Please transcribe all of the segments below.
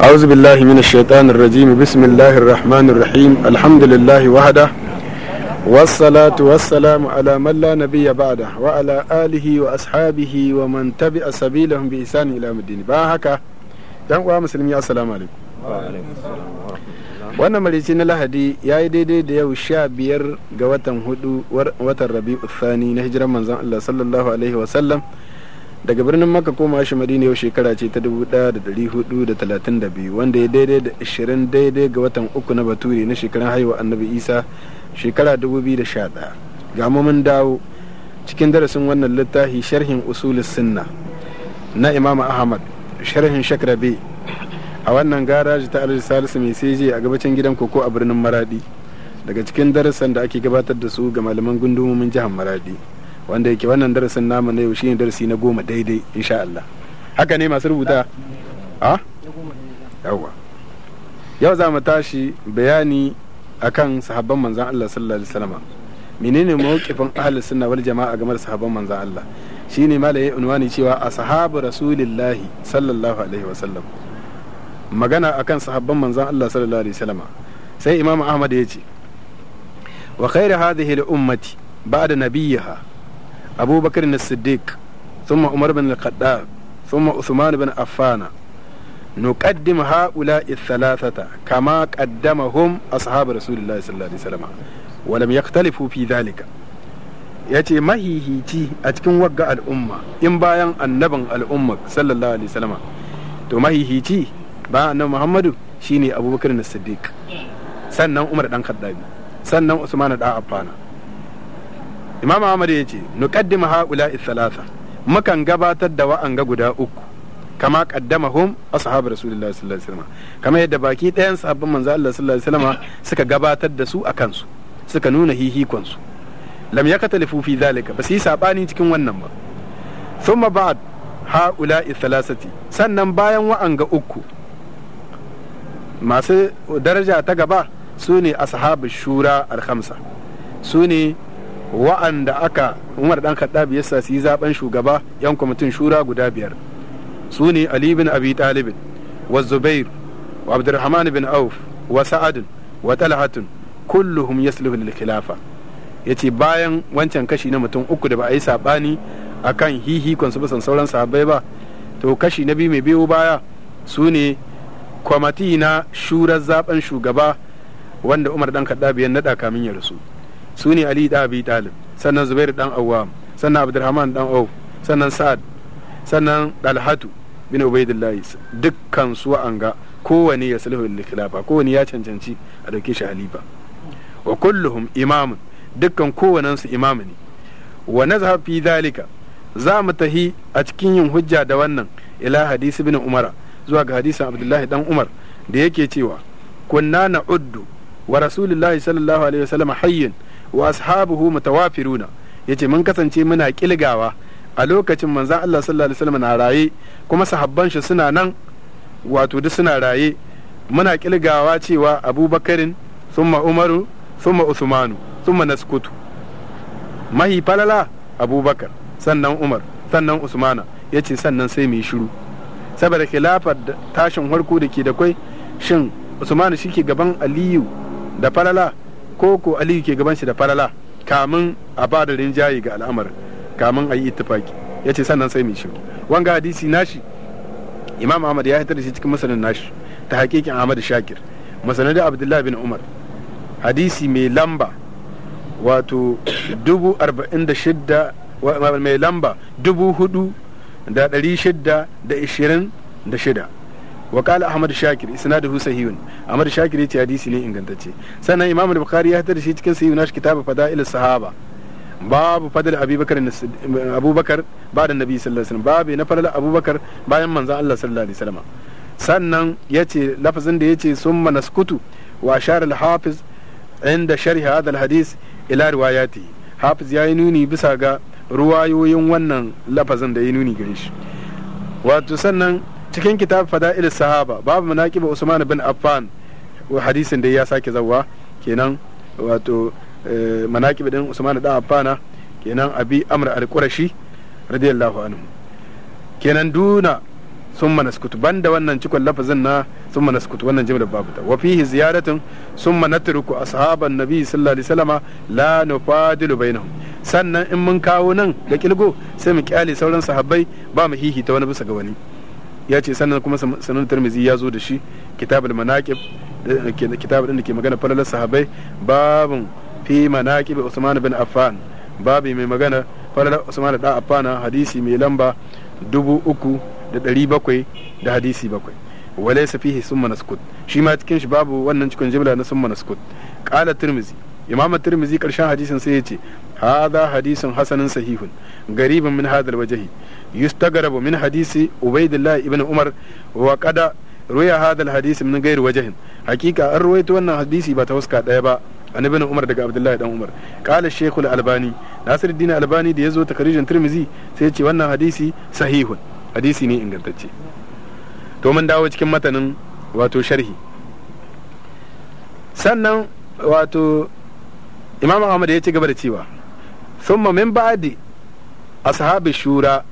أعوذ بالله من الشيطان الرجيم بسم الله الرحمن الرحيم الحمد لله وحده والصلاة والسلام على من لا نبي بعده وعلى آله وأصحابه ومن تبع سبيلهم بإحسان إلى الدين باهكا يا مسلمين السلام عليكم wannan marici na lahadi ya yi daidai da yau sha biyar ga watan hudu watan rabi'u thani na hijiran manzon Allah sallallahu alaihi wasallam daga birnin maka koma shi madina yau shekara ce ta 1432 wanda ya daidai da 20 daidai ga watan uku na bature na shekarun haihuwa annabi isa shekara 2011 ga mun dawo cikin darasin wannan littafi sharhin usulis sunna na imam ahmad sharhin shakrabe a wannan garaji ta alhaji salisu mai seji a gabacin gidan koko a birnin maradi daga cikin darasan da ake gabatar da su ga malaman gundumomin jihar maradi wanda yake wannan darasin namu na yau shine darasi na goma daidai insha Allah haka ne masu rubuta ah? a yawa yau za mu tashi bayani akan sahabban manzan Allah sallallahu alaihi wasallam menene mawqifin ahlus sunna wal jama'a game da sahabban manzan Allah shine malai unwani cewa a sahabu rasulillahi sallallahu alaihi wasallam magana akan sahabban manzan Allah sallallahu alaihi wasallam sai Imam ahmad ya ce wa khairu hadhihi al ummati ba'da nabiyha أبو بكر الصديق ثم عمر بن الخطاب ثم عثمان بن عفان نقدم هؤلاء الثلاثة كما قدمهم أصحاب رسول الله صلى الله عليه وسلم ولم يختلفوا في ذلك yace mahihici a cikin wagga al'umma in bayan annabin al'umma sallallahu alaihi wasallam to mahihici bayan annabi Muhammadu shine Abubakar na Siddiq sannan Umar dan Khattabi sannan Usman da Affana imam ahmad ya ce nuqaddimu haula mukan gabatar da wa'anga guda uku kama qaddamahum ashabu rasulullahi sallallahu alaihi wasallam kama yadda baki ɗayan sabbin manzo Allah sallallahu alaihi wasallam suka gabatar da su a kansu suka nuna hihikon su lam yakatalifu fi zalika ba sabani cikin wannan ba thumma ba'd haula sannan bayan wa'anga uku masu daraja ta gaba su ne ashabu shura al-khamsa su ne wa'anda aka umar dan khaddab yasa su yi zaben shugaba yan kwamitin shura guda biyar su ne ali bin abi talib wa zubair wa abdurrahman bin auf wa sa'ad wa talhatun kulluhum yasluhu lil khilafa yace bayan wancan kashi na mutum uku da ba a yi sabani akan kun su san sauran sahabbai ba to kashi na biyu mai biyo baya su ne kwamati na shurar zaben shugaba wanda umar dan kaddabi ya nada kamin ya rasu su ne ali da abi talib sannan zubairu dan awwam sannan abdurrahman dan auf sannan sa'ad sannan dalhatu bin ubaidillah dukkan su an ga kowane ya sulhu lil khilafa kowane ya cancanci a dauke shi halifa wa kulluhum imam dukkan kowannen su imam ne wa zafi fi dalika za mu tahi a cikin yin hujja da wannan ila hadisi bin umar zuwa ga hadisin abdullahi dan umar da yake cewa kunna na uddu wa rasulullahi sallallahu alaihi wasallam hayyin wa ashabuhu mutawafiruna yace mun kasance muna kilgawa a lokacin manzan Allah sallallahu alaihi wasallam na raye kuma sahabban shi suna nan wato duk suna raye muna kilgawa cewa abubakarin summa umaru summa usmanu summa naskutu mahi falala abubakar sannan umar sannan usmana ya ce sannan sai mai shiru saboda khilafar tashin harko da ke da kwai shin usmanu shi ke gaban aliyu da falala koko ko aliyu ke gaban shi da falala kamin a ba da rinjaye ga al'amarin kamin a yi ittifaki ya ce sannan sai mai shiru wanga hadisi nashi imam ahmad ya hitar da shi cikin masanin nashi ta hakikin ahmad shakir masanin da abdullahi bin umar hadisi mai lamba wato dubu arba'in da shidda mai lamba dubu hudu da dari shidda da ishirin da shida وقال احمد ahmad اسناده صحيح احمد يتي yace ني ne سنه امام البخاري al شي ya hadar shi cikin sahih bayan manzon Allah sallallahu alaihi wasallam sannan ce lafazin da wa ashar hafiz inda sharhi hadha al ila riwayati hafiz ga ruwayoyin wannan lafazin da ya nuni gare shi cikin kitab fada'il sahaba babu munaqiba usman bin affan hadisin da ya sake zawa kenan wato eh, manaqib din usman da affana kenan abi amr al-qurashi radiyallahu anhu kenan duna summa naskutu banda wannan cikon lafazin na summa naskutu wannan jimla babu ta wa fihi ziyaratun summa natruku ashaban nabi sallallahu alaihi wasallama la nufadilu bainahum sannan in mun kawo nan da kilgo sai mu kyale sauran sahabbai ba mu hihi ta wani bisa ga wani ya ce sannan kuma sanan tirmizi ya zo da shi kitabul manaqib kitab din da ke magana falalar sahabbai babun fi manaqib Usman bin Affan babu mai magana falalar Usman da Affan hadisi mai lamba dubu uku da dari bakwai da hadisi bakwai walai fihi summa naskut shi ma cikin shi babu wannan cikin jimla na summa naskut qala tirmizi imam tirmizi karshen hadisin sai ya ce hadha hadisin hasanin sahihun garibin min hadal wajhi يستغرب من حديث عبيد الله ابن عمر وقد روي هذا الحديث من غير وجه حقيقه ان رويت wannan hadisi ba ta daya ba an ibn umar daga abdullahi dan umar قال الشيخ الالباني ناصر الدين albani da yazo takhrij al-tirmidhi sai ya wannan hadisi sahih hadisi ne ingantacce to mun dawo cikin matanin wato sharhi sannan wato imam ahmad ya ci gaba da cewa ثم من بعد اصحاب shura.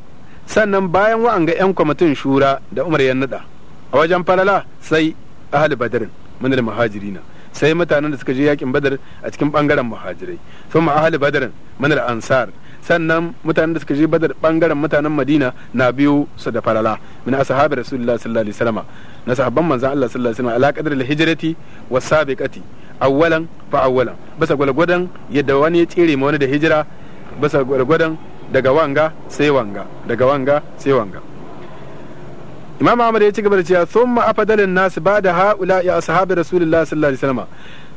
sannan bayan wa'anga 'yan kwamitin shura da umar ya nada a wajen falala sai ahli badrin min muhajirina sai mutanen da suka je yakin badar a cikin bangaren muhajirai sun ma ahli badrin min ansar sannan mutanen da suka je badar bangaren mutanen madina na biyo su da falala min ashabi rasulullah sallallahu alaihi wasallam na sahabban manzon Allah sallallahu alaihi wasallam hijrati awwalan fa awwalan bisa gwalgwadan yadda wani ya tsere ma wani da hijira bisa gwalgwadan daga wanga sai wanga daga wanga sai wanga imam ahmad ya ci gaba da cewa thumma nasu nas ba'da haula ya ashabi rasulullah sallallahu alaihi wasallam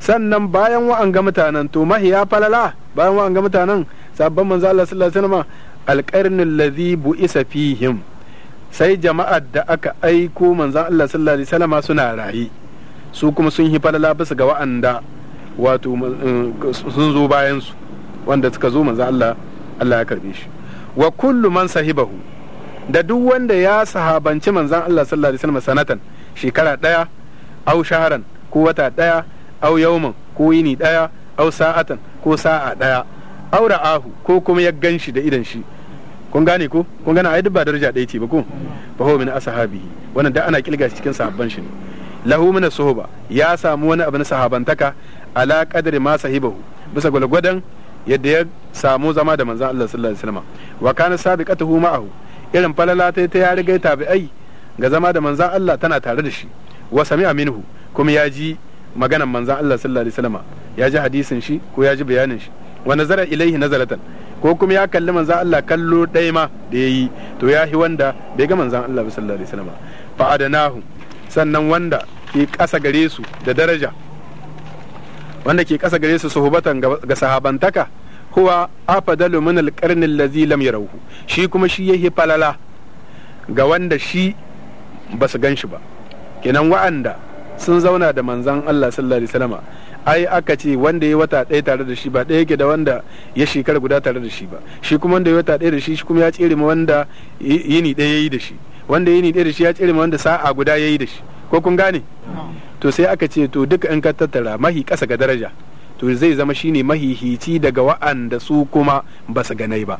sannan bayan wa'an ga mutanen to mahiya falala bayan wa'an ga mutanen sabban manzo Allah sallallahu alaihi wasallam alqarnul ladhi bu'isa fihim sai jama'ar da aka aiko manzon Allah sallallahu alaihi wasallam suna rayi su kuma sun yi falala bisa ga wa'anda wato eh, sun zo bayan su wanda suka zo manzon Allah Allah ya karbe shi wa kullu man sahibahu da duk wanda ya sahabanci manzan Allah sallallahu alaihi wasallam sanatan shekara daya au shaharan ko wata daya au yauman ko yini daya au sa'atan ko sa'a daya au ra'ahu ko kuma ya ganshi da idan shi kun gane ko kun gane ai duk ba daraja daya ce ba ko fa huwa min ashabihi wannan da ana kilga shi cikin sahabban shi ne lahu min suhba ya samu wani abin sahabantaka ala qadri ma sahibahu bisa gwalgwadan yadda ya samu zama da manzan Allah sallallahu alaihi wasallam wa kana sabiqatuhu ma'ahu irin falala ta yari gai tabi'ai ga zama da manzan Allah tana tare da shi wa sami'a minhu kuma ya ji maganan manzan Allah sallallahu alaihi wasallam ya ji hadisin shi ko ya ji bayanin shi wa nazara ilaihi nazaratan ko kuma ya kalli manzan Allah kallo ɗaya ma da ya yi to ya hi wanda bai ga manzan Allah sallallahu alaihi wasallam fa adanahu sannan wanda ke kasa gare su da daraja wanda ke ƙasa gare su suhubatan ga sahabantaka huwa afadalu min alqarni allazi lam yarahu shi kuma shi yahi falala ga wanda shi ba su gan shi ba kenan wa'anda sun zauna da manzan Allah sallallahu alaihi wasallama ai aka ce wanda ya wata ɗaya tare da shi ba ɗaya yake da wanda ya shekara guda tare da shi ba shi kuma wanda ya wata ɗaya da shi shi kuma ya tsere ma wanda yini ɗaya yayi da shi wanda yini ɗaya da shi ya tsere ma wanda sa'a guda yayi da shi ko kun gane to sai aka ce to duka in ka tattara mahi ƙasa ga daraja to zai zama shine mahihici daga wa'anda su kuma ba su ganai ba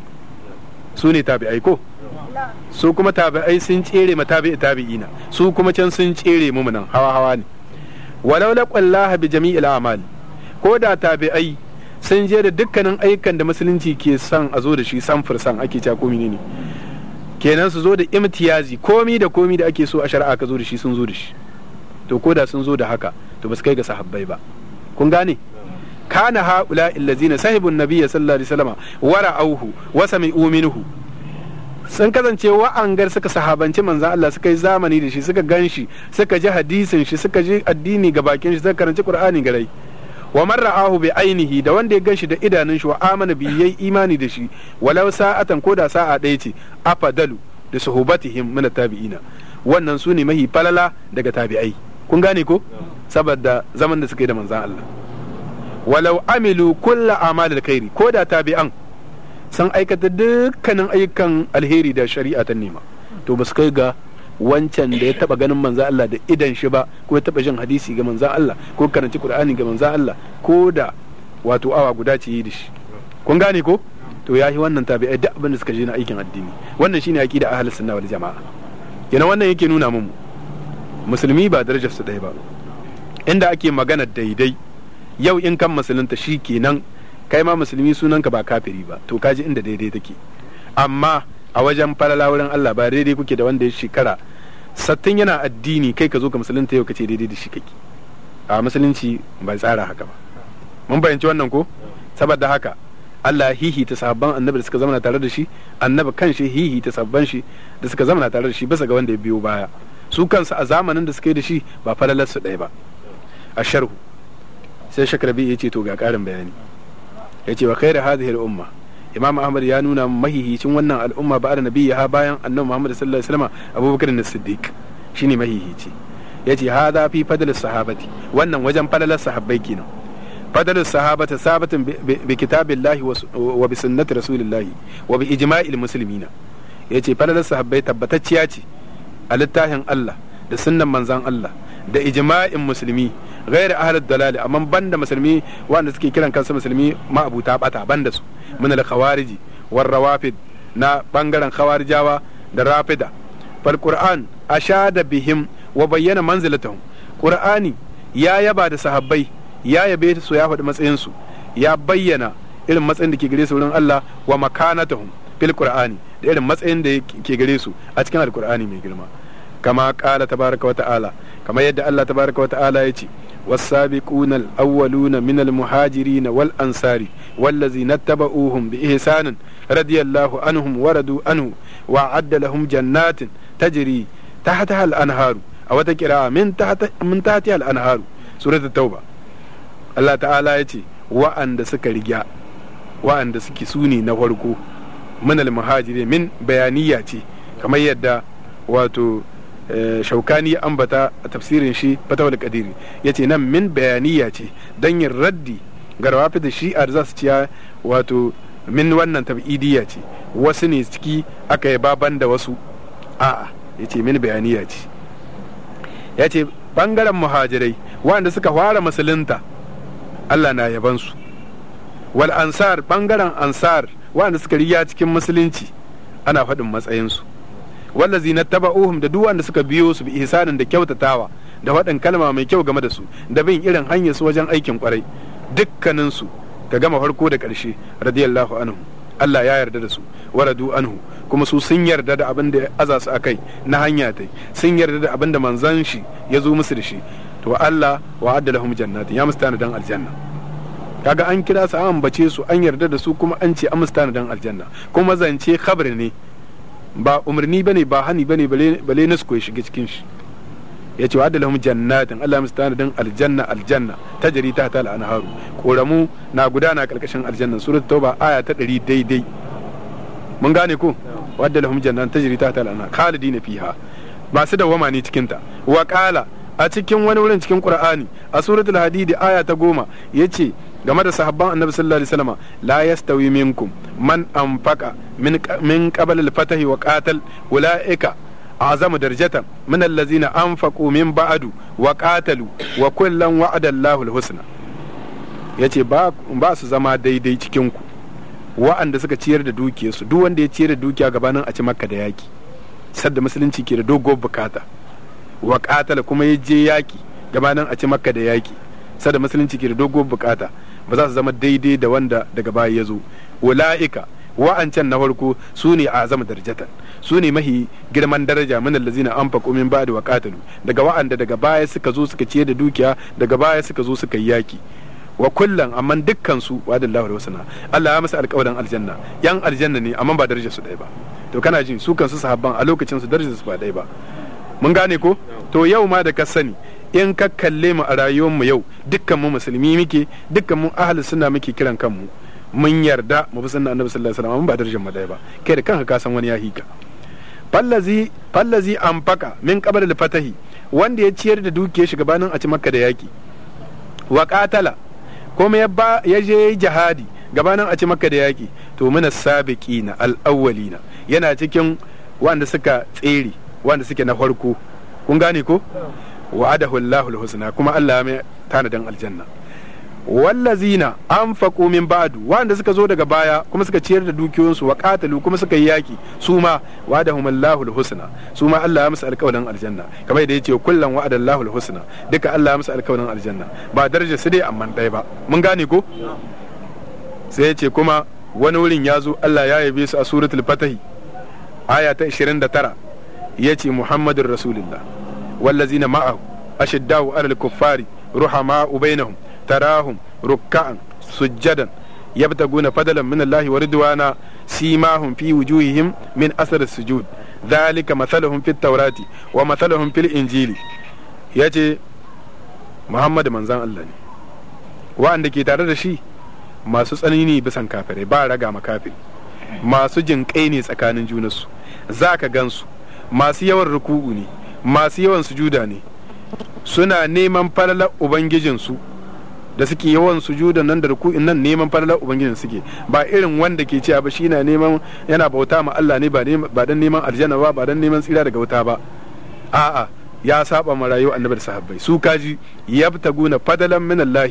su ne tabi'ai ko su kuma tabi'ai sun tsere ma tabi'i tabi'ina su kuma can sun tsere mu munan hawa hawa ne walau qallaha bi jami'il a'mal ko da tabi'ai sun je da dukkanin ayyukan da musulunci ke son a zo da shi samfur san ake cewa ko ne kenan su zo da imtiyazi komi da komi da ake so a shari'a ka zo da shi sun zo da shi to ko da sun zo da haka to ba su kai ga sahabbai ba kun gane kana haula illazina sahibun nabiyya sallallahu alaihi wasallam wara'uhu wa sami'u minhu sun kasance wa'angar suka sahabanci manzan Allah suka yi zamani da shi suka ganshi suka ji hadisin shi suka ji addini ga bakin shi suka karanci Qur'ani garai wa man ra'ahu bi ainihi da wanda ya ganshi da idanun shi wa amana bi yayi imani da shi walau sa'atan ko da sa'a daya ce afadalu da suhubatihim min tabi'ina wannan su mahi falala daga tabi'ai kun gane ko saboda zaman da suka yi da manzan Allah walau amilu kulla amal alkhairi ko da tabi'an san aikata dukkanin ayyukan alheri da shari'a ta nema to ba su kai ga wancan da ya taba ganin manzan Allah da idan shi ba ko ya taba jin hadisi ga manzan Allah ko karanci Qur'ani ga manzan Allah ko da wato awa guda ce yi da shi kun gane ko to yahi wannan tabi'ai duk abin da suka je na aikin addini wannan shine aqida ahlus sunna wal jamaa yana wannan yake nuna mu musulmi ba darajar su ɗaya ba inda ake magana daidai yau in kan musulunta shi kenan kai ma musulmi sunanka ba kafiri ba to kaji inda daidai take amma a wajen falala wurin Allah ba daidai kuke da wanda ya shekara sattin yana addini kai ka zo ka musulunta yau ka daidai da shi kake a musulunci bai tsara haka ba mun bayanci wannan ko saboda haka Allah hihi ta sabban annabi da suka zama tare da shi annabi kanshi hihi ta sabban shi da suka zama tare da shi bisa ga wanda ya biyo baya su kansu a zamanin da suke da shi ba falalar su ɗaya ba a sharhu sai shakrabi ya ce to ga ƙarin bayani ya ce wa kai da hadhihi umma imam ahmad ya nuna mahihicin wannan al'umma ba da nabi ha bayan annabi muhammad sallallahu alaihi wasallam abubakar na siddiq shine mahihici ya ce hadha fi fadlus sahabati wannan wajen falalar sahabbai kenan fadlus sahabata sabatin bi kitabillahi wa bi sunnati rasulillahi wa bi ijma'il muslimina ya ce falalar sahabbai tabbatacciya ce a littafin Allah da sunnan manzan Allah da ijma'in musulmi gairu ahalar dalali amma banda musulmi wanda suke kiran kansu musulmi ma bata banda su min al khawariji war rawafid na bangaren khawarijawa da rafida fal qur'an ashada bihim wa bayyana manzilatahum qur'ani ya yaba da sahabbai ya yabe su ya faɗi matsayin su ya bayyana irin matsayin da ke gare su wurin Allah wa makanatahum a filƙur'ani da irin matsayin da ke gare su a cikin alƙur'ani mai girma kama ƙara tabaraka wa ta'ala kama yadda allah tabaraka wa ta'ala ya ce wasu sabin kunal awaluna minal muhajiri na wal ansari wallazi na taba'uhun biye sanin. radiyallahu anhu radu anhu wa'adda lahumian jannatin tajiri ta hata al'an haru a wata kirawa min ta hati al'an haru surat da ta'uwa. allah ta'ala ya ce wa suka riƙa wa'anda suke suni na farko. min al-muhajiri min bayaniya ce kamar yadda wato shaukani ya ambata a tafsirin shi fatawal kadiri ya ce nan min bayaniya ce don yin raddi ga rawafi shi da za su ciya wato min wannan tabidiyya ce wasu ne ciki aka yi baban da wasu a'a ya ce min bayaniya ce ya ce bangaren muhajirai wanda suka fara musulunta allah na yabansu wal ansar bangaren ansar wanda suka riya cikin musulunci ana faɗin matsayinsu wallazi na uhum da duk wanda suka biyo su bi ihsanin da kyautatawa da faɗin kalma mai kyau game da su da bin irin hanyar su wajen aikin kwarai dukkanin su ka gama farko da ƙarshe radiyallahu anhu Allah ya yarda da su waradu anhu kuma su sun yarda da abin da aza su akai na hanya ta sun yarda da abin da manzan shi ya zo musu da shi to Allah wa'adda lahum jannatin ya musu dan aljanna kaga an kira su an ambace su an yarda da su kuma an ce amustana dan aljanna kuma zance khabar ne ba umarni bane ba hani bane bale nasko ya shiga cikin shi ya ce wadda lahum jannatin Allah mustana dan aljanna aljanna tajri tahta an anharu koramu na gudana karkashin aljanna surat tauba aya ta 100 daidai mun gane ko wadda lahum jannatin tajri tahta al-anharu khalidina fiha masu dawama ne cikin ta wa qala a cikin wani wurin cikin qur'ani a suratul hadid aya ta goma yace game da sahabban annabi sallallahu alaihi wasallam la yastawi minkum man anfaqa min min qabl al-fatahi wa qatal ulaika allazina anfaqu min ba'du wa qatalu wa kullan wa'ada allahu al husna. yace ba ba su zama daidai cikin ku wa'anda suka ciyar da dukiyarsu duk wanda ya ciyar da dukiya gabanin a ci makka da yaki sadda musulunci ke da dogon bukata wa kuma ya je yaki gabanin a ci makka da yaki sadda musulunci ke da dogon bukata ba za su zama daidai da wanda daga baya ya zo walaika wa'ancan na farko su ne a zama darajatan su ne mahi girman daraja min na amfa min ba da qatalu daga wa'anda daga baya suka zo suka ciye da dukiya daga baya suka zo suka yi yaki wa kullum amma dukkan su wa da husna Allah ya masa alƙawarin aljanna yan aljanna ne amma ba darajar su ɗaya ba to kana jin su kansu sahabban a lokacin su darajar su ba ɗaya ba mun gane ko to yau ma da ka sani in ka kalle mu a rayuwar mu yau dukkan mu musulmi muke dukkan mu ahli sunna muke kiran kanmu mun yarda mu bi sunna annabi sallallahu alaihi wasallam ba darajar mu ba kai da kanka ka san wani ya hika fallazi fallazi anfaka min qabla al-fatahi wanda ya ciyar da dukiyar shi gabanin a ci makka da yaki wa qatala kuma ya je jihadi gabanin a ci makka da yaki to muna sabiqina al-awwalina yana cikin wanda suka tsere wanda suke na farko kun gane ko wa'adahu Allahul kuma Allah mai tanadin aljanna wallazina anfaqu min ba'du wanda suka zo daga baya kuma suka ciyar da dukiyoyinsu wa qatalu kuma suka yi yaki su ma wa'adahum Allahul Allah ya musu alƙawarin aljanna kamar da yace kullan wa'ada Allahul husna duka Allah ya musu alƙawarin aljanna ba daraja su dai amman dai ba mun gane ko sai yace kuma wani wurin ya zo Allah ya yabe su a suratul fatahi aya ta 29 yace muhammadur rasulullah والذين معه أشداء على الكفار رحماء بينهم تراهم ركعا سجدا يبتغون فضلا من الله ورضوانا سيماهم في وجوههم من أثر السجود ذلك مثلهم في التوراة ومثلهم في الإنجيل يجي محمد منزان الله wa'anda ke tare da shi masu tsanani bisan kafirai ba raga makafiri masu jin kai ne tsakanin junansu za ka gansu masu yawan ruku'u ne masu yawan sujuda ne suna neman falalar ubangijinsu da suke yawan sujuda nan da ruku'in nan neman falalar ubangijin suke ba irin wanda ke cewa ba shi na neman yana bauta ma Allah ne ba dan neman aljanna ba ba dan neman tsira daga wuta ba a'a ya saba ma rayuwar annabi da sahabbai su kaji yabtaguna fadalan min Allah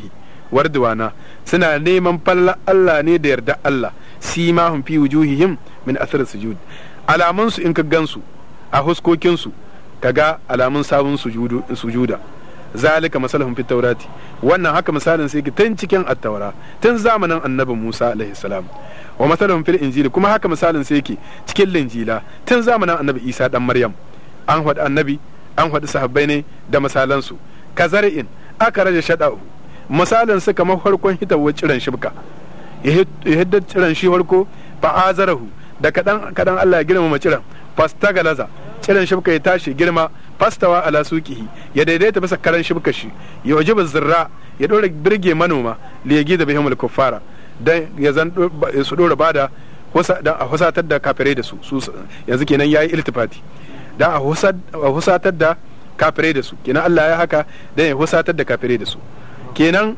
warduwana suna neman falalar Allah ne da yarda Allah sima hum fi wujuhihim min athar sujud alamansu in ka gansu a huskokinsu kaga alamun sabon sujuda zalika masalahun fi taurati wannan haka misalin sai ki tun cikin attaura tun zamanin annabi Musa alaihi salam wa masalahun fil injili kuma haka misalin sai ki cikin linjila tun zamanin annabi Isa dan Maryam an hudu annabi an hudu sahabbai ne da misalan su kazar'in aka raje shada'u misalin su kamar farkon hitawar ciran shibka ya hidda ciran shi farko fa azarahu da kadan kadan Allah ya girmama ciran fastagalaza irin shibka ya tashi girma fastawa ala suqihi ya daidaita bisa karan shibka shi ya wajiba zirra ya dora birge manoma li yagi da bihimul kuffara dan ya zan su dora bada da a husatar da kafirai da su yanzu kenan yayi iltifati dan a husatar da kafirai da su kenan Allah ya haka dan ya husatar da kafirai da su kenan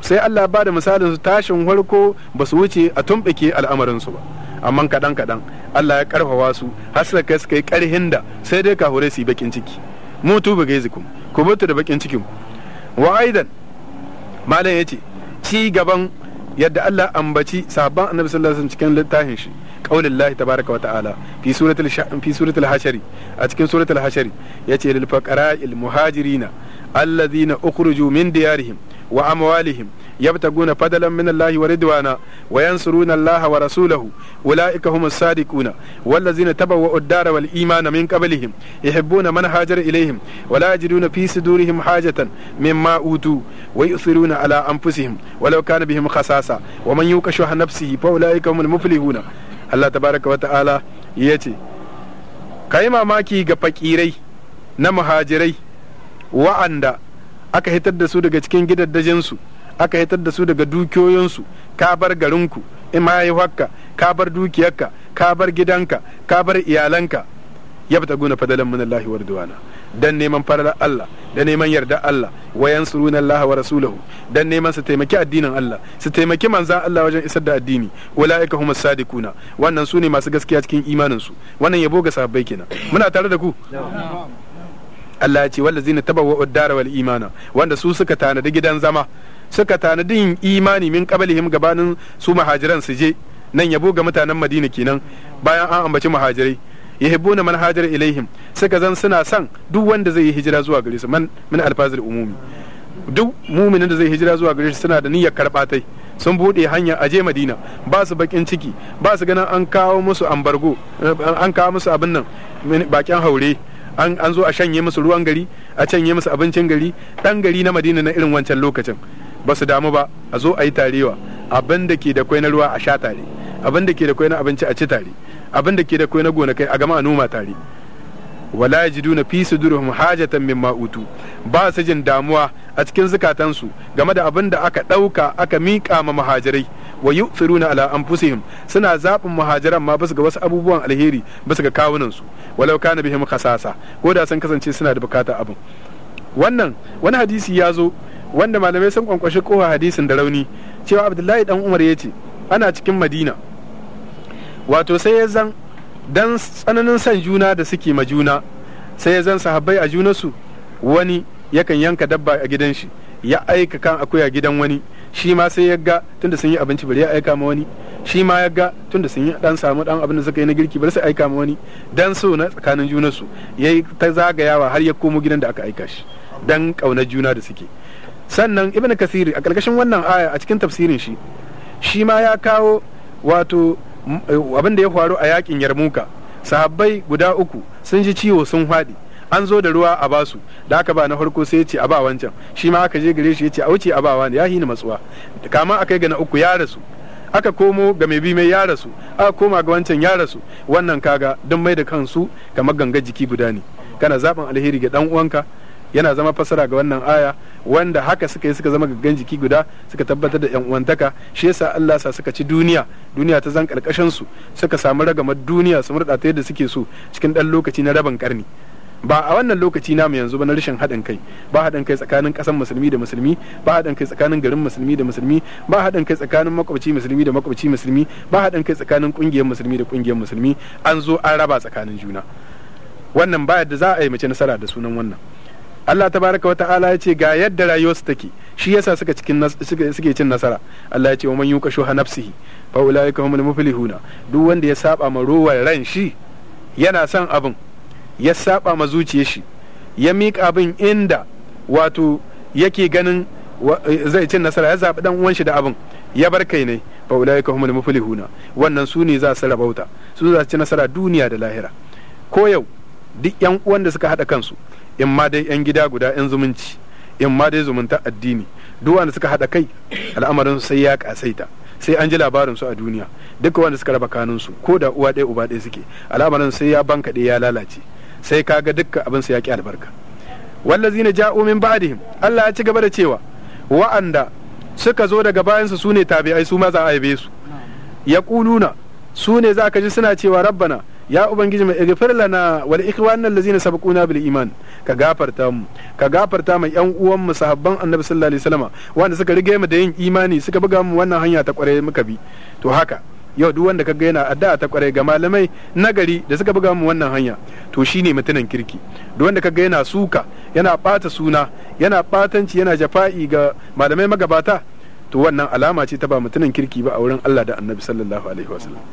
sai Allah ba da misalin su tashin farko ba su wuce a tumɓuke al'amarin su ba amma kaɗan kaɗan Allah ya karfafa su har suka kai suka yi ƙarhin da sai dai ka su yi bakin ciki mutu bi gaizikum ku mutu da bakin cikin wa aidan malam yace ci gaban yadda Allah ambaci sabon annabi sallallahu alaihi wasallam cikin littafin shi qaulin Allah tabaraka wa ta'ala fi suratul fi suratul hashari a cikin suratul hashari yace lil faqara'il muhajirina alladhina ukhruju min diyarihim wa amwalihim yabtaguna fadalan min Allah wa ridwana wa yansuruna Allah wa rasulahu ulaika humus sadiquna wallazina tabawwa'u ad-dara wal imana min qablihim yuhibbuna man hajara ilaihim wa la yajiduna fi sudurihim hajatan mimma utu wa yusiruna ala anfusihim walau kana bihim khasasa wa man yuqa shuha nafsihi fa ulaika humul muflihuna Allah tabaraka wa ta'ala yace kai mamaki ga fakirai na muhajirai wa'anda aka hitar da su daga cikin gidaddajinsu aka hitar da su daga dukiyoyinsu ka bar garinku imayiwarka ka bar dukiyarka ka bar gidanka ka bar iyalanka ya fita guna fadalan min Allah wa ridwana dan neman farar Allah da neman yarda Allah wa yansuruna Allah wa rasulahu dan neman su taimaki addinin Allah su taimaki manzan Allah wajen isar da addini walaika humus sadiquna wannan su ne masu gaskiya cikin imanin su wannan yabo ga sahabbai kenan muna tare da ku Allah ya ce wallazina tabawwa'ud dara wal imana wanda su suka tanadi gidan zama suka tanadin imani min kabalihim gabanin su muhajiran su je nan yabo ga mutanen madina kenan bayan an ambaci muhajirai yahibbuna man hajara ilaihim suka zan suna san duk wanda zai yi hijira zuwa gare su man min alfazil umumi duk muminin da zai hijira zuwa gare su suna da niyyar karbatai sun buɗe hanya aje madina ba su bakin ciki ba su ganin an kawo musu ambargo an kawo musu abin nan bakin haure an zo a shanye musu ruwan gari a canye musu abincin gari dan gari na madina na irin wancan lokacin ba su damu ba a zo a yi tarewa abin da ke da kwai na ruwa a sha tare abin da ke da kwai na abinci a ci tare abin da ke da kwai na gonakai a gama a noma tare wala yajiduna fi sudurihim hajatan mimma utu ba su jin damuwa a cikin zukatansu game da abin da aka ɗauka aka miƙa ma muhajirai wa na ala anfusihim suna zaɓin muhajiran ma basu ga wasu abubuwan alheri basu ga kawunansu su walau kana bihim kasasa ko da sun kasance suna da bukata abin wannan wani hadisi ya zo wanda malamai sun kwankwashi kowa hadisin da rauni cewa abdullahi dan umar ya ce ana cikin madina wato sai ya zan dan tsananin san juna da suke ma juna sai ya zan sahabbai a junansu wani yakan yanka dabba a gidan shi ya aika kan akuya gidan wani shi ma sai ya ga tunda sun yi abinci bari ya aika ma wani shi ma ya ga tunda sun yi dan samu dan abin da suka yi na girki bari sai aika ma wani dan so na tsakanin junansu yayi ta zagayawa har ya komo gidan da aka aika shi dan kaunar juna da suke sannan ibn kasiri a ƙarƙashin wannan aya a cikin tafsirin shi shi ma ya kawo wato eh, abin da ya faru a yakin yarmuka sahabbai guda uku sun ji ciwo sun haɗi an zo da ruwa a basu da aka ba na farko sai ya ce a ba wancan shi ma aka je gare shi ya ce a wuce a ba wani ya hini matsuwa kama akai ga na uku ya rasu aka komo ga mai bi mai ya rasu aka koma ga wancan ya rasu wannan kaga don mai da kansu kamar ganga jiki guda ne kana zaɓin alheri ga dan uwanka yana zama fasara ga wannan aya wanda haka suka yi suka zama gaggan jiki guda suka tabbatar da yan uwantaka shi yasa Allah sa suka ci duniya duniya ta zan karkashin su suka samu ragamar duniya su murda ta yadda suke so cikin dan lokaci na rabin karni ba a wannan lokaci namu yanzu ba na rashin haɗin kai ba haɗin kai tsakanin ƙasan musulmi da musulmi ba haɗin kai tsakanin garin musulmi da musulmi ba haɗin kai tsakanin makwabci musulmi da makwabci musulmi ba haɗin kai tsakanin ƙungiyar musulmi da ƙungiyar musulmi an zo an raba tsakanin juna wannan ba yadda za a yi mace nasara da sunan wannan Allah tabaraka wa ta'ala ya ce ga yadda rayuwarsu take shi yasa suka cikin suke cin nasara Allah ya ce wa man yuqa shuha nafsihi fa ulaika humul muflihuna duk wanda ya saba ma ruwan ran shi yana son abin ya saba ma zuciyar shi ya mika abin inda wato yake ganin zai cin nasara ya zabi dan uwan shi da abin ya bar kai ne fa ulaika humul muflihuna wannan su ne za su rabauta su za su ci nasara duniya da lahira ko yau duk yan uwan da suka haɗa kansu in ma dai yan gida guda yan zumunci in ma dai zumunta addini duk wanda suka haɗa kai al'amarin sai ya kasaita sai an ji labarin su a duniya duka wanda suka raba kanun su ko da uwa ɗaya uba ɗaya suke al'amarin sai ya banka ɗaya ya lalace sai kaga dukka abin su ya ki albarka wallazi na ja'u min ba'dihim Allah ya ci gaba da cewa wa'anda suka zo daga bayan su ne tabi'ai su ma za a yabe su yaquluna su ne za ka ji suna cewa rabbana ya ubangiji mai igfir lana wal ikhwana allazina sabaquna bil iman ka gafarta mu ka gafarta mai yan uwan mu sahabban annabi sallallahu alaihi wasallam wanda suka rige mu da yin imani suka buga mu wannan hanya ta kware muka bi to haka yau duk wanda kaga yana addu'a ta kware ga malamai nagari da suka buga mu wannan hanya to shine mutunan kirki duk wanda kaga yana suka yana bata suna yana batanci yana jafa'i ga malamai magabata to wannan alama ce ta ba mutunan kirki ba a wurin Allah da Annabi sallallahu alaihi wasallam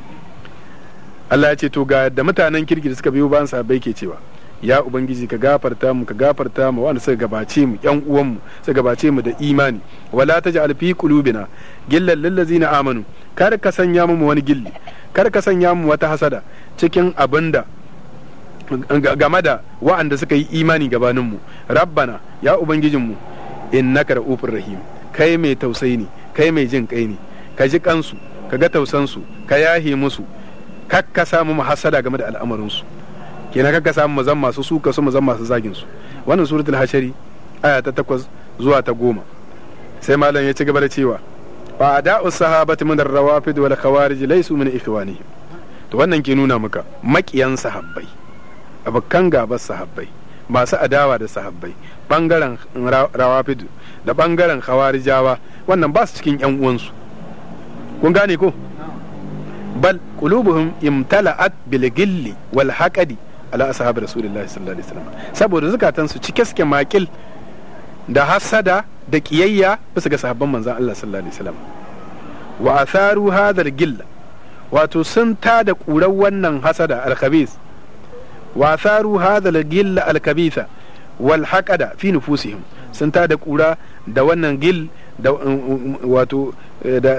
Allah ya ce to ga da mutanen kirki da suka biyo bayan sahabbai ke cewa ya ubangiji ka gafarta mu ka gafarta mu wanda suka gabace mu yan uwan mu suka gabace mu da imani wala taj'al fi qulubina gillan lallazi na amanu kar ka sanya mu wani gilli kar ka sanya mu wata hasada cikin abinda game da wa'anda suka yi imani gabanin mu rabbana ya ubangijin mu innaka ra'ufur rahim kai mai tausayi ne kai mai jin kai ne ka ji kansu ka ga su ka yahe musu kakka samu mu hasada game da su kenan kakka samu mazan masu suka su mazan masu zagin su wannan suratul hashari aya ta takwas zuwa ta goma sai malam ya ci gaba da cewa wa ada'us sahabati min ar-rawafid wal khawarij laysu min ikhwanihim to wannan ke nuna maka makiyan sahabbai abakan gabar sahabbai masu adawa da sahabbai bangaren rawafidu da bangaren khawarijawa wannan ba su cikin yan uwansu kun gane ko bal qulubuhum imtala'at bil gilli wal haqadi ala ashabi rasulillahi sallallahu alaihi wasallam saboda zukatan su cike suke makil da hasada da kiyayya bisa ga sahabban manzan Allah sallallahu alaihi wasallam wa atharu hadhal gilla wato sun ta da ƙurar wannan hasada khabith wa atharu hadhal gilla alkabitha wal haqada fi nufusihim sun ta da ƙura da wannan gil da wato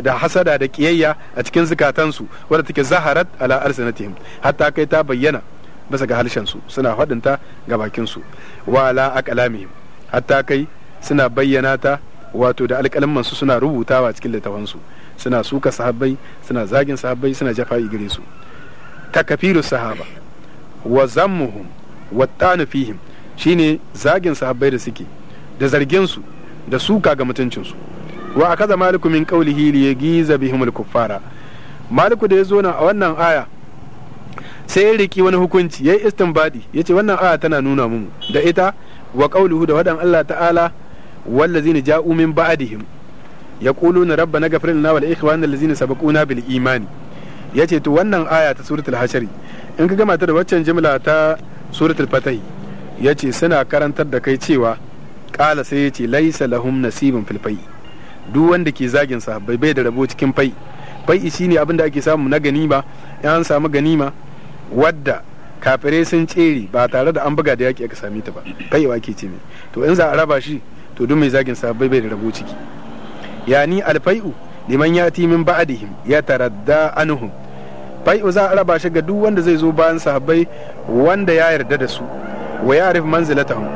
da hasada da kiyayya a cikin zukatansu wadda take zaharat ala arsinatihim hatta kai ta bayyana bisa ga su suna faɗinta ga bakinsu wa ala aqlamihim hatta kai suna bayyana ta wato da alƙalmansu suna rubutawa cikin littafansu suna suka sahabbai suna zagin sahabbai suna jafa'i gare su takafiru sahaba wa zammuhum wa tanu fihim shine zagin sahabbai da suke da zargin su da suka ga mutuncinsu wa akaza maliku min ya li yagiza bihimul kuffara maliku da ya zo a wannan aya sai ya riki wani hukunci yayi istinbadi yace wannan aya tana nuna mu da ita wa qawluhu da wadan Allah ta'ala wallazina ja'u min ba'dihim yaquluna rabbana ghfir lana wal ikhwana allazina sabaquna bil imani yace to wannan aya ta suratul hashari in ka gama ta da waccan jimla ta suratul fatahi yace suna karantar da kai cewa kala sai yace laisa lahum nasibun fil fai duk wanda ke zagin sa bai bai da rabo cikin fai fai ne abin da ake samu na ganima an samu ganima wadda kafirai sun tsere ba tare da an buga da yaki aka same ta ba wa ke ce ne. to in za a raba shi to duk mai zagin sa bai bai da rabo ciki yani alfai'u liman yati min ba'dihim ya taradda anhum fai'u za a raba shi ga duk wanda zai zo bayan sahabbai wanda ya yarda da su wa ya arif manzilatahum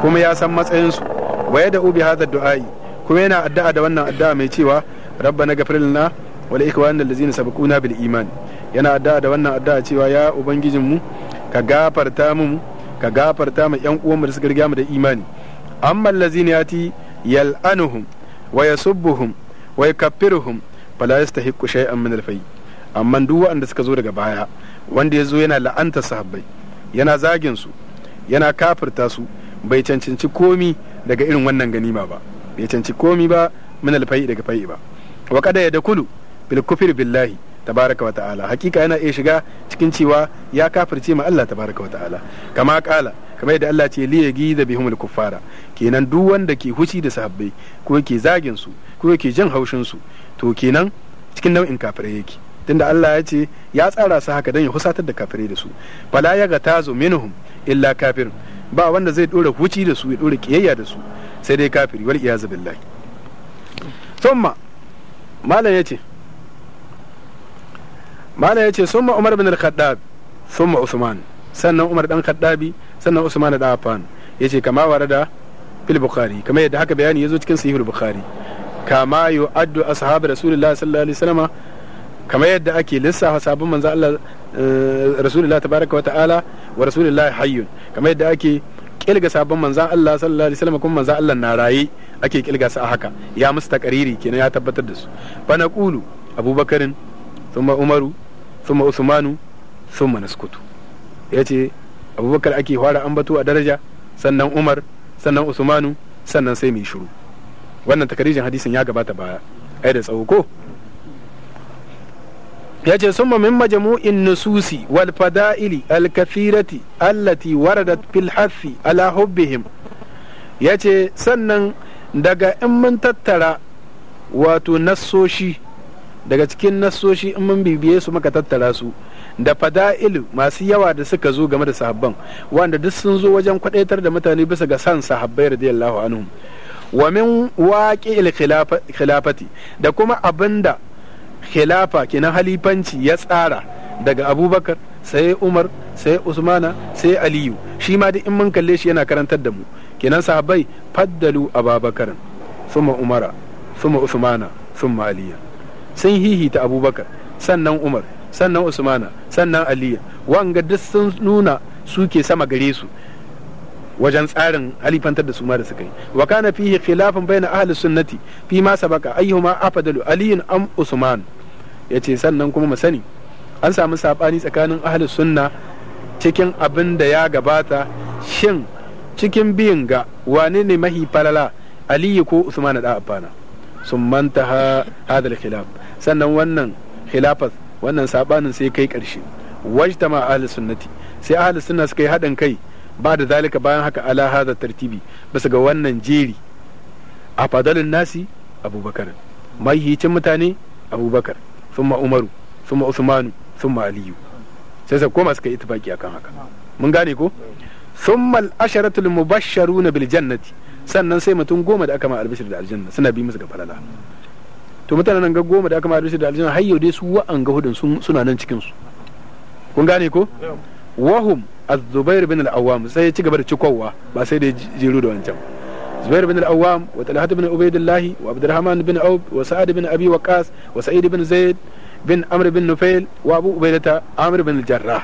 kuma ya san matsayin su wa ya da'u bi hadha du'a'i kuma yana addu'a da wannan addu'a mai cewa rabbana ghafir lana wa li ikhwanina allazina sabaquna bil imani yana addu'a da wannan addu'a cewa ya ubangijinmu ka gafarta mu ka gafarta mu yan uwanmu da suka riga mu da imani amma allazina yati yal'anuhum wa yasubbuhum wa yakaffiruhum fala yastahiqqu shay'an min al amma duk waɗanda suka zo daga baya wanda ya zo yana la'anta sahabbai yana zagin su yana kafirta su bai cancanci komi daga irin wannan ganima ba bai canci komi ba min alfai daga fai ba wa kada ya dakulu bil kufir billahi tabaraka wa ta'ala hakika yana iya shiga cikin cewa ya kafirce ma Allah tabaraka wa kama kala kamar yadda Allah ce li bihum al kuffara kenan duk wanda ke huci da sahabbai ko ke zagin su ko ke jin haushin su to kenan cikin nau'in kafirai yake tunda Allah ya ce ya tsara su haka don ya husatar da kafirai da su fala ya ga tazo minhum illa kafir ba wanda zai dora huci da su ya dora kiyayya da su sai dai kafiri wal iyazu billahi thumma malam yace malam yace thumma umar bin al-khattab thumma usman sannan umar dan khattabi sannan usman da yace kama fil bukhari yadda haka bayani yazo cikin bukhari kama yu'addu ashabu sallallahu alaihi wasallam kama yadda ake lissafa sabon manzo Allah eh, rasulullahi tabaraka wa ta'ala wa rasulullahi hayyun kama yadda ake kilga sabon manzan Allah sallallahu alaihi wasallam kun manzan Allah na raye ake kilga su a haka ya musu takariri kenan ya tabbatar da su fa qulu abubakarin thumma umaru thumma usmanu thumma naskutu yace abubakar ake fara ambato a daraja sannan umar sannan usmanu sannan sai mu shiru wannan takarijin hadisin ya gabata baya ai da tsawo ko ya ce sun mamin majamu'in nususi wal fada'ili al kafirati allati waradat fil hafi ala hubbihim ya ce sannan daga in mun tattara wato nassoshi daga cikin nasoshi in mun bibiye su muka tattara su da fada'ilu masu yawa da suka zo game da sahabban wanda duk sun zo wajen kwadaitar da mutane bisa ga san sahabbai radiyallahu anhum wa min waqi'il khilafati da kuma abinda khilafa kenan halifanci ya tsara daga abubakar sai umar sai usmana sai aliyu shi ma duk in mun kalle shi yana karantar da mu kenan sahabbai faddalu ababakar suma umara suma usmana suma aliyu sun hihita abubakar sannan umar sannan usmana sannan aliyu wanga duk sun nuna suke sama gare su wajen tsarin halifantar da su ma da suka yi wa kana fihi khilafun bayna ahli sunnati fi ma sabaka ayyuhuma afdalu aliyun am usman yace sannan kuma mu sani an samu sabani tsakanin ahli sunna cikin abin ya gabata shin cikin biyin ga wane ne mahi falala aliyu ko usman da afana sun manta hadal khilaf sannan wannan khilafat wannan sabanin sai kai karshe wajtama ahli sunnati sai ahli sunna suka yi haɗin kai ba da zalika bayan haka ala hadha tartibi bisa ga wannan jeri a fadalin nasi abubakar mahihicin mutane abubakar sun umaru sun usmanu sun aliyu sai sa koma suka yi ittifaki akan haka mun gane ko sun mal asharatul mubasharu na biljannati sannan sai mutum goma da aka ma albishir da aljanna suna bi musu ga falala to mutanen nan ga goma da aka ma albishir da aljanna har yau dai su wa'an ga hudun suna nan cikin su kun gane ko wahum az-zubair bin al-awwam sai ya ci gaba da cikowa ba sai da jiru da wancan zubair bin al-awwam wa talhat bin ubaidillah wa abdurrahman bin aub wa sa'ad bin abi waqas wa sa'id bin zaid bin amr bin nufail wa abu ubaidata amr bin al-jarrah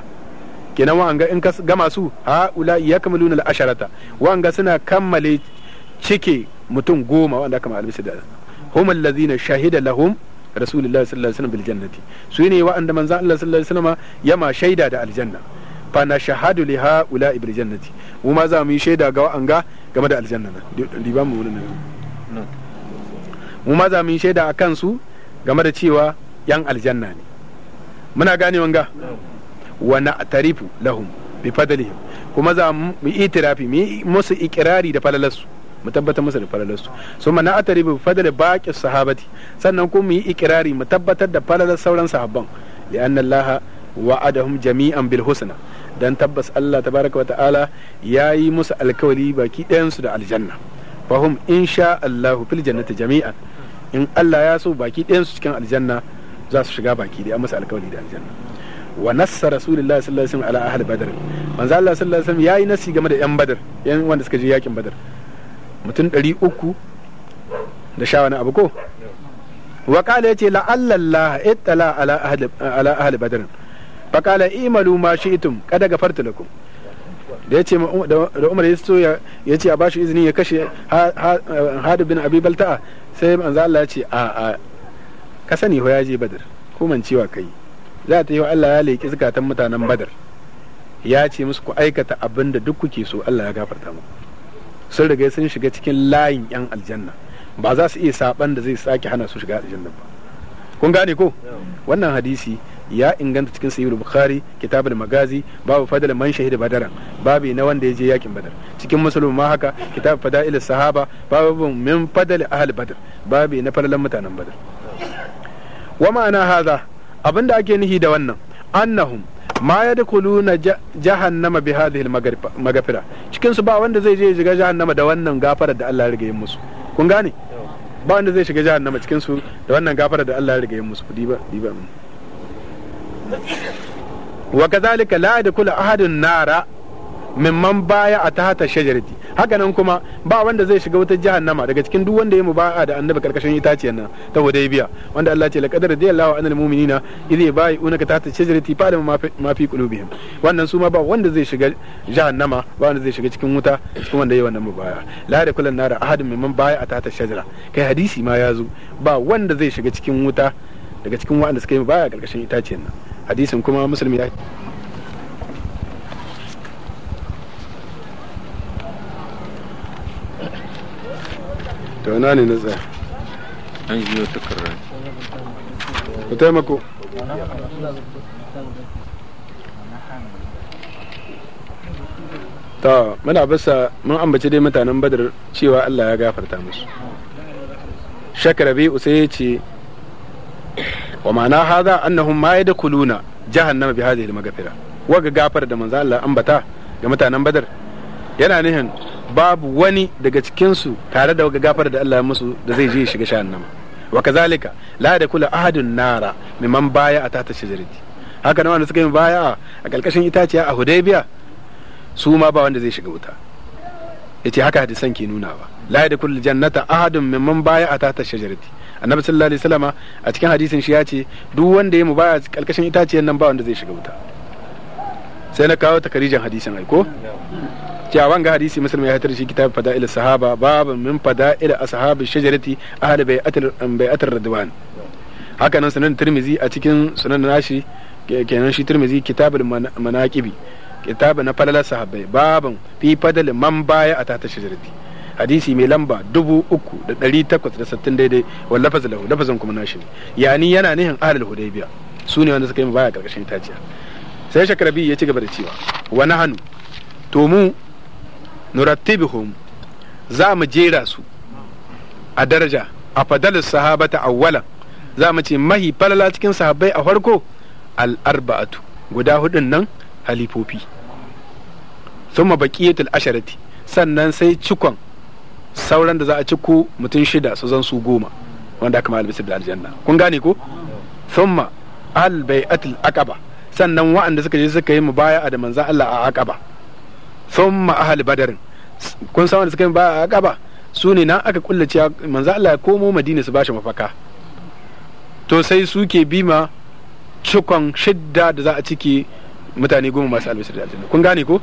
kenan wa'anga in ka gama su ha ha'ula yakmaluna al-asharata wa'anga suna kammale cike mutum goma wanda aka ma'almi su da hum allazina shahida lahum rasulullahi sallallahu alaihi wasallam bil jannati su ne wa'anda manzo Allah sallallahu alaihi wasallam ma shaida da aljanna fa na shahadu li haula ibil jannati mu ma za mu yi shaida ga wa'anga game da aljanna na riba mu wurin nan mu ma za mu yi shaida a kansu game da cewa yan aljanna ne muna gane wanga wa na tarifu lahum bi fadlihim kuma za mu yi itirafi mu yi musu ikirari da falalarsu mu tabbatar musu da falalarsu sun mana atari bi fadl baqi sahabati sannan kuma mu yi ikirari mu tabbatar da falalar sauran sahabban li'anna allaha wa'adahum jami'an bil husna dan tabbas Allah tabaraka wa ta'ala ya yi musu alkawari baki ɗayansu da aljanna fahim in sha Allahu fil jannati jami'an in Allah ya so baki ɗayansu cikin aljanna za su shiga baki ɗaya musu alkawari da aljanna wa nassa rasulullahi sallallahu alaihi wasallam ala ahli badr manzo Allah sallallahu alaihi wasallam yayi nasi game da yan badar yan wanda suka je yakin badar mutum 300 da sha wani abu ko wa qala yace la allallaha ittala ala ahli ala ahli badr fakala imalu ma shi'tum kada gafarta lakum da ya ce da umar ya so ya ce a bashi izini ya kashe hadu bin abi balta'a sai manzo Allah ya ce a a ka sani ho ya je badar ko man cewa kai za ta yi wa Allah ya leki zakatan mutanen badar ya ce musu ku aikata abin da duk kuke so Allah ya gafarta mu sun riga sun shiga cikin layin yan aljanna ba za su iya saban da zai sake hana su shiga aljanna ba kun gane ko wannan hadisi ya inganta cikin sahihul bukhari kitabul magazi babu fadal man shahida badara babu na wanda ya je yakin badar cikin musulmi ma haka kitab fadail sahaba babu min fadal ahli badar babu na falalan mutanen badar wa ma'ana hadha abinda ake nihi da wannan annahum ma ya da jahannama bi hadhihi magafira cikin su ba wanda zai je shiga jahannama da wannan gafarar da Allah ya riga musu kun gane ba wanda zai shiga jahannama cikin su da wannan gafarar da Allah ya riga musu diba diba wa kazalika la kula ahadun nara mimman baya a tahta shajarati hakanan kuma ba wanda zai shiga wata jahannama daga cikin duk wanda ya muba'a da annabi karkashin itaciyar nan ta hudaybiya wanda Allah ce da laqad radiyallahu anil mu'minina idh ta ta shajarati fa da ma fi qulubihim wannan su ma ba wanda zai shiga jahannama ba wanda zai shiga cikin wuta cikin wanda ya wannan mubaya la da kullan nara ahadun mimman baya a tahta shajara kai hadisi ma ya zo ba wanda zai shiga cikin wuta daga cikin wanda suka yi mubaya karkashin itaciyar nan hadisin kuma musulmi ya to na ne na tsaya an biyo takarar ku taimako ta muna basa mun ambaci dai mutanen badar cewa Allah ya gafarta musu shakarabi usai ce wa ma'ana hadha annahum ma yadkhuluna jahannama bi hadhihi al-maghfira wa ga gafar da manzo Allah ambata ga mutanen Badar yana nihin babu wani daga cikinsu tare da gafar da Allah musu da zai je shiga nama wa kazalika la kula ahadun nara miman baya a tata shajarati haka nan wanda suka yi baya a kalkashin itaciya a Hudaybiya su ma ba wanda zai shiga wuta yace haka hadisan ke nuna ba la kula jannata ahadun mimman baya a tata shajarati annabi sallallahu alaihi wasallama a cikin hadisin shi ya ce duk wanda ya mubaya kalkashin itaciyar nan ba wanda zai shiga wuta sai na kawo takarijan hadisin aiko cewa wanga hadisi musulmi ya hatar shi kitab fada'il sahaba babu min fada'il ashabi shajarati ahli bai'atul um, bai'atul radwan haka nan sunan tirmizi a cikin sunan nashi kenan shi tirmizi kitabul manaqibi kitab na falala sahabbai babun fi fadal man baya a tata shajarati hadisi mai lamba dubu uku da ɗari takwas da sittin daidai lafaz lahu lafazin kuma nashi ne yani yana nihin ahlul hudaybiya su ne wanda suka yi mu baya karkashin itaciya sai shakarabi ya ci gaba da cewa wa hannu. to mu nurattibihum za mu jera su a daraja a fadalis sahabata awwalan za mu ce mahi falala cikin sahabbai a farko al guda hudun nan halifofi thumma baqiyatul asharati sannan sai cikon sauran da za a ciko mutum shida su zan su goma wanda aka ma'al bisir da aljanna kun gane ko thumma al bai'atul aqaba sannan wa'anda suka je suka yi a da manzon Allah a aqaba thumma ahal badarin kun san wanda suka yi baya a aqaba su ne nan aka kulla cewa manzon Allah ya komo Madina su bashi mafaka to sai suke bima cikon shidda da za a ciki mutane goma masu albisir da aljanna kun gane ko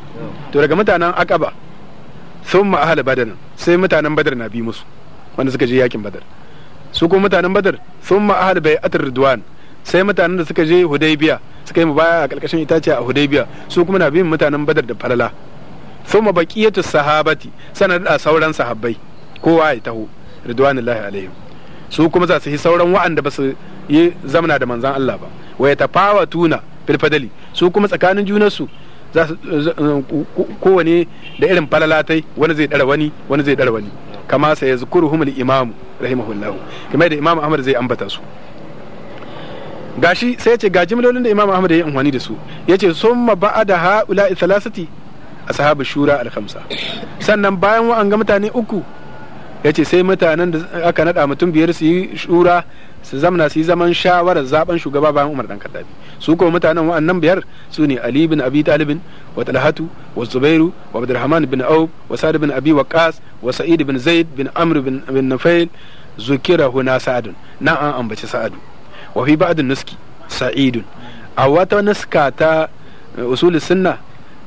to daga mutanen aqaba sun ma ahal badar sai mutanen badar na bi musu wanda suka je yakin badar su kuma mutanen badar sun ahal bai atar ridwan sai mutanen da suka je hudaybiya suka yi mu baya a karkashin itace a hudaybiya su kuma na bin mutanen badar da falala sun ma baqiyatu sahabati sana da sauran sahabbai kowa ya taho ridwanullahi alaihim su kuma za su yi sauran wa'anda ba su yi zamana da manzan Allah ba wa tuna fil fadali su kuma tsakanin junansu za su eh, eh, kowane da irin falalatai wani zai dara wani wani zai dara wani kama sai zukuru humul imam rahimahullah kuma da imam ahmad zai ambata su gashi sai yace ce ga jimlolin da imam ahmad ya yi amfani da su ya ce summa ba'ada ha'ula'i a ashabu shura al-khamsa sannan bayan wa'an ga mutane uku yace sai mutanen da aka nada mutum biyar su yi shura su zamana su yi zaman shawarar zaben shugaba bayan Umar dan Kaddafi su kuma mutanen wa'annan biyar su ne Ali bin Abi Talibin wa Talhatu wa Zubairu wa Abdurrahman bin Auf wa Sa'd bin Abi Waqqas wa Sa'id bin Zaid bin Amr bin bin Nafail zukira huna Sa'adun na an ambaci Sa'adu wa fi ba'd nuski Sa'idun a wata nuska ta uh, usul sunna